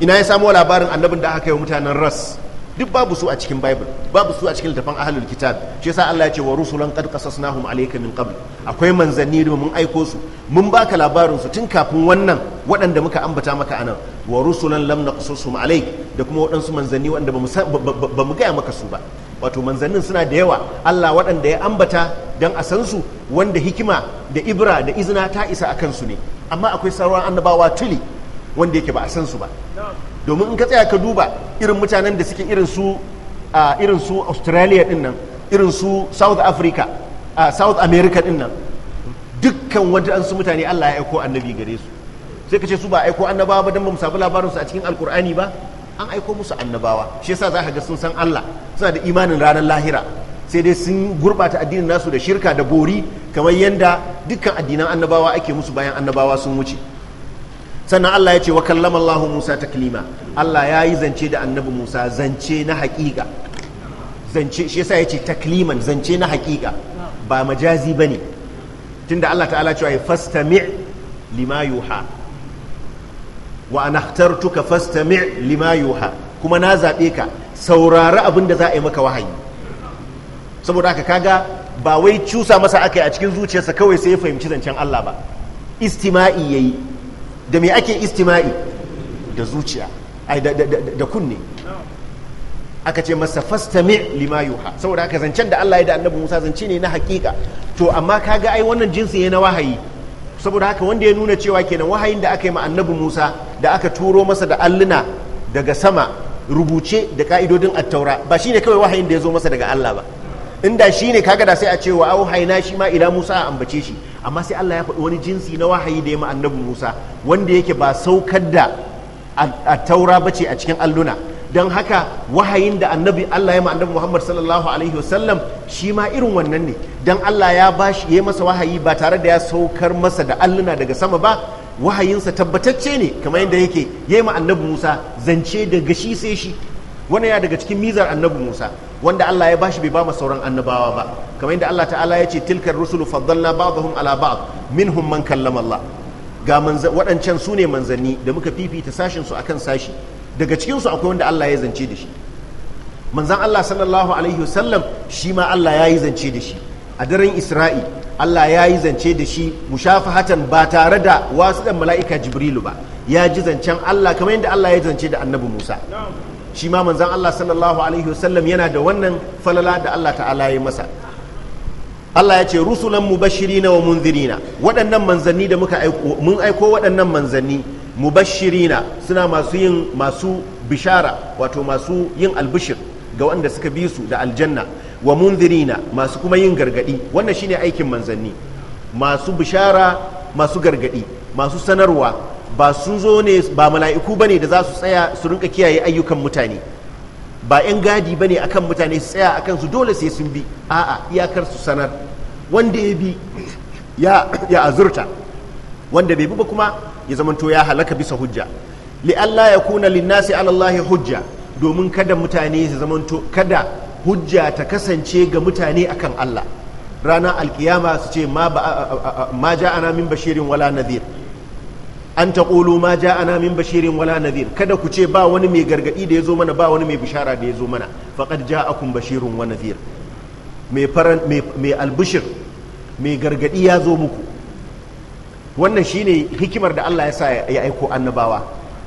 ina ya samo labarin annabin da aka kai wa mutanen ras duk babu su a cikin bible babu su a cikin littafin ahalul kitab shi yasa Allah ya ce wa rusulan qad qasasnahum alayka min qabl akwai manzanni da mun aiko su mun baka labarin su tun kafin wannan waɗanda muka ambata maka anan wa rusulan lam naqsusuhum alayk da kuma waɗansu manzanni waɗanda ba mu gaya maka su ba wato manzannin suna da yawa Allah waɗanda ya ambata dan a san su wanda hikima da ibra da izina ta isa a kansu ne amma akwai sauran annabawa tuli wanda yake ba a san su ba domin in ka tsaya ka duba irin mutanen da suke irin su irin su australia din nan irin su south africa south america din nan dukkan su mutane allah ya aiko annabi gare su sai ka ce su ba aiko annabawa ba don ba mu samu labarinsu a cikin alkur'ani ba an aiko musu annabawa shi yasa za ka ga sun san Allah suna da imanin ranar lahira sai dai sun gurbata addinin nasu da shirka da bori kamar yadda dukkan addinan annabawa ake musu bayan annabawa sun wuce sannan Allah ya ce wa kallama Allah Musa taklima Allah ya yi zance da annabi Musa zance na haƙiƙa zance shi yasa ya ce takliman zance na haƙiƙa ba majazi ba ne tunda Allah ta'ala cewa ya fastami lima yuha wa an akhtartuka fastami lima yuha kuma na zaɓe ka saurari abin da za a yi maka wahayi saboda haka kaga ba wai cusa masa aka yi a cikin zuciyarsa kawai sai ya fahimci zancen Allah ba istima'i yayi da me ake istima'i da zuciya ai da kunne aka ce masa fastami lima yuha saboda haka zancen da Allah ya da annabi Musa zance ne na hakika to amma kaga ai wannan jinsi ne na wahayi saboda haka wanda ya nuna cewa kenan wahayin da aka yi ma annabi Musa da aka turo masa da alluna daga sama rubuce da ka'idodin attaura ba shine kawai wahayin da ya zo masa daga Allah ba inda shine kaga da sai a ce wa auhayna shi ma ila Musa a ambace shi amma sai Allah ya faɗi wani jinsi na wahayi da ya ma annabi Musa wanda yake ba saukar da a taura ce a cikin alluna don haka wahayin da annabi Allah ya ma annabi Muhammad sallallahu alaihi wasallam shi ma irin wannan ne don Allah ya bashi ya masa wahayi ba tare da ya saukar masa da alluna daga sama ba wahayinsa tabbatacce ne kamar yadda yake ya ma annabi Musa zance daga shi sai shi wannan ya daga cikin mizar annabi Musa wanda Allah ya bashi bai ba sauran annabawa ba kamar yadda Allah ta'ala ya ce tilkar rusulu faddalna ba'dahum ala ba'd minhum man kallama Allah ga waɗancan su ne manzanni da muka fifita sashin su akan sashi daga cikin su akwai wanda Allah ya zance da shi manzan Allah sallallahu alaihi wasallam shi ma Allah ya yi zance da shi a daren Isra'i Allah ya yi zance da shi mushafahatan ba tare da wasu mala'ika Jibrilu ba ya ji zancen Allah kamar yadda Allah ya zance da annabi Musa shi ma manzan Allah sallallahu alaihi wasallam yana da wannan falala da Allah ta'ala ya masa Allah ya ce rusulan mubashirina wa munzirina waɗannan manzanni da muka aiko mun aiko waɗannan manzanni mubashirina suna masu yin masu bishara wato masu yin albishir ga wanda suka bi su da aljanna wa munzirina masu kuma yin gargadi wannan shine aikin manzanni masu bishara masu gargadi masu sanarwa ba su zo ne ba mala'iku ba ne da za su tsaya su rinka kiyaye ayyukan mutane ba 'yan gadi ba ne akan mutane su tsaya akan su dole sai sun bi a'a iyakar su sanar wanda ya bi ya azurta wanda bai bi ba kuma ya zamanto ya halaka bisa hujja Li Allah ya kuna linnasi alallahi hujja domin kada mutane su zamanto kada hujja ta kasance ga mutane akan Allah ranar alkiyama su ce ma ja'ana min bashirin wala nadhir an ƙolo ma ja a min bashirin wala nadhir kada ku ce ba wani mai gargaɗi da ya zo mana ba wani mai bishara da ya zo mana ja ja'akum bashirin wa nadhir mai mai albishir mai gargaɗi ya zo muku wannan shine hikimar da Allah ya sa ya aiko annabawa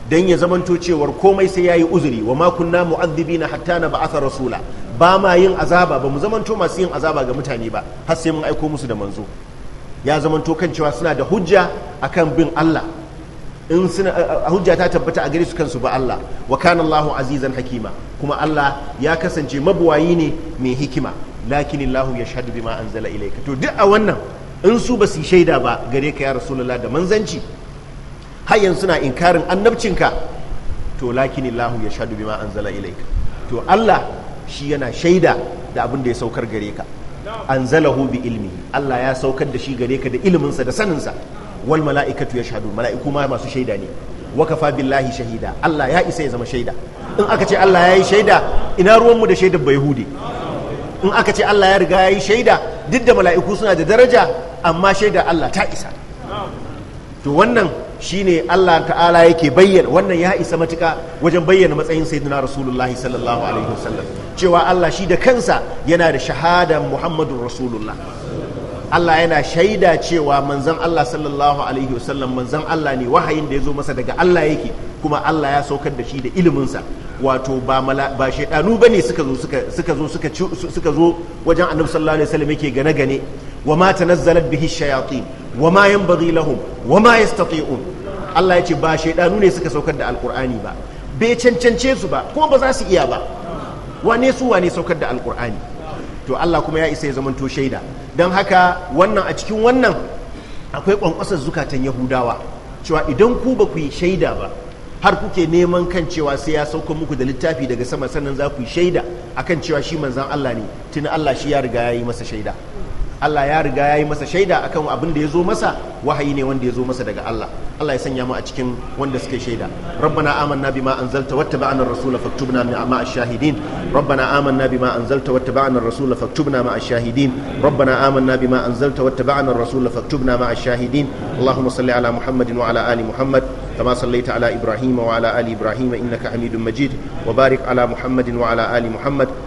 dan ya zamanto cewar komai sai ya yi uzuri wa ma kunna mu'adhibina hatta na ba'atha rasula ba ma yin azaba ba mu zamanto masu yin azaba ga mutane ba har sai mun aiko musu da manzo ya zamanto kan cewa suna da hujja akan bin Allah in suna hujja ta tabbata a gare su kansu ba Allah wa kana Allahu azizan hakima kuma Allah ya kasance mabuwayi ne mai hikima lakin Allahu yashhadu bima anzala ilayka to duk a wannan in su ba su shaida ba gare ka ya rasulullah da manzanci har yanzu suna inkarin annabcinka to lakin Allahu yashhadu bima anzala ilayka to Allah shi yana shaida da abin da ya saukar gare ka anzalahu bi ilmihi Allah ya saukar da shi gare ka da iliminsa da saninsa wal mala'ikatu yashhadu mala'iku ma masu shaida ne wa kafa billahi shahida Allah ya isa ya zama shaida in aka ce Allah ya yi shaida ina ruwanmu da shaidar bayhudi in aka ce Allah ya riga ya yi shaida duk da mala'iku suna da daraja amma shaida Allah ta isa to wannan shine Allah ta'ala yake bayyana wannan ya isa matuka wajen bayyana matsayin sayyidina rasulullahi sallallahu alaihi wasallam cewa Allah shi da kansa yana da shahada muhammadun rasulullah Allah yana shaida cewa manzan Allah sallallahu alaihi wasallam manzan Allah ne wahayin da ya zo masa daga Allah yake kuma Allah ya saukar da shi da iliminsa wato ba mala ba shaidanu bane suka zo suka suka zo suka suka zo wajen Annabi sallallahu alaihi wasallam yake gane gane wa ma tanazzalat bihi shayatin wa ma yanbaghi lahum wa ma yastati'un Allah ya ce ba shaidanu ne suka saukar da alqur'ani ba bai cancance su ba kuma ba za su iya ba wane su wane saukar da alqur'ani to Allah kuma ya isa ya zamanto shaida don haka wannan a cikin wannan akwai ƙwanƙwasar zukatan yahudawa cewa idan ku ba ku yi shaida ba har kuke neman kan cewa sai ya sauko muku da littafi daga sama sannan za ku yi shaida akan cewa shi manzan Allah ne tuni Allah shi ya riga ya yi masa shaida Allah ya riga ya yi masa shaida akan abin da ya zo masa wahayi ne wanda ya zo masa daga Allah Allah ya sanya mu a cikin wanda suke shaida rabbana amanna bima anzalta wattaba'na ar-rasul faktubna ma'a ash-shahidin rabbana amanna bima anzalta wattaba'na ar-rasul faktubna ma'a ash-shahidin rabbana amanna bima anzalta wattaba'na ar-rasul faktubna ma'a ash-shahidin allahumma salli ala muhammadin wa ala ali muhammad كما صليت على ابراهيم وعلى ال ابراهيم انك حميد مجيد وبارك على محمد وعلى ال محمد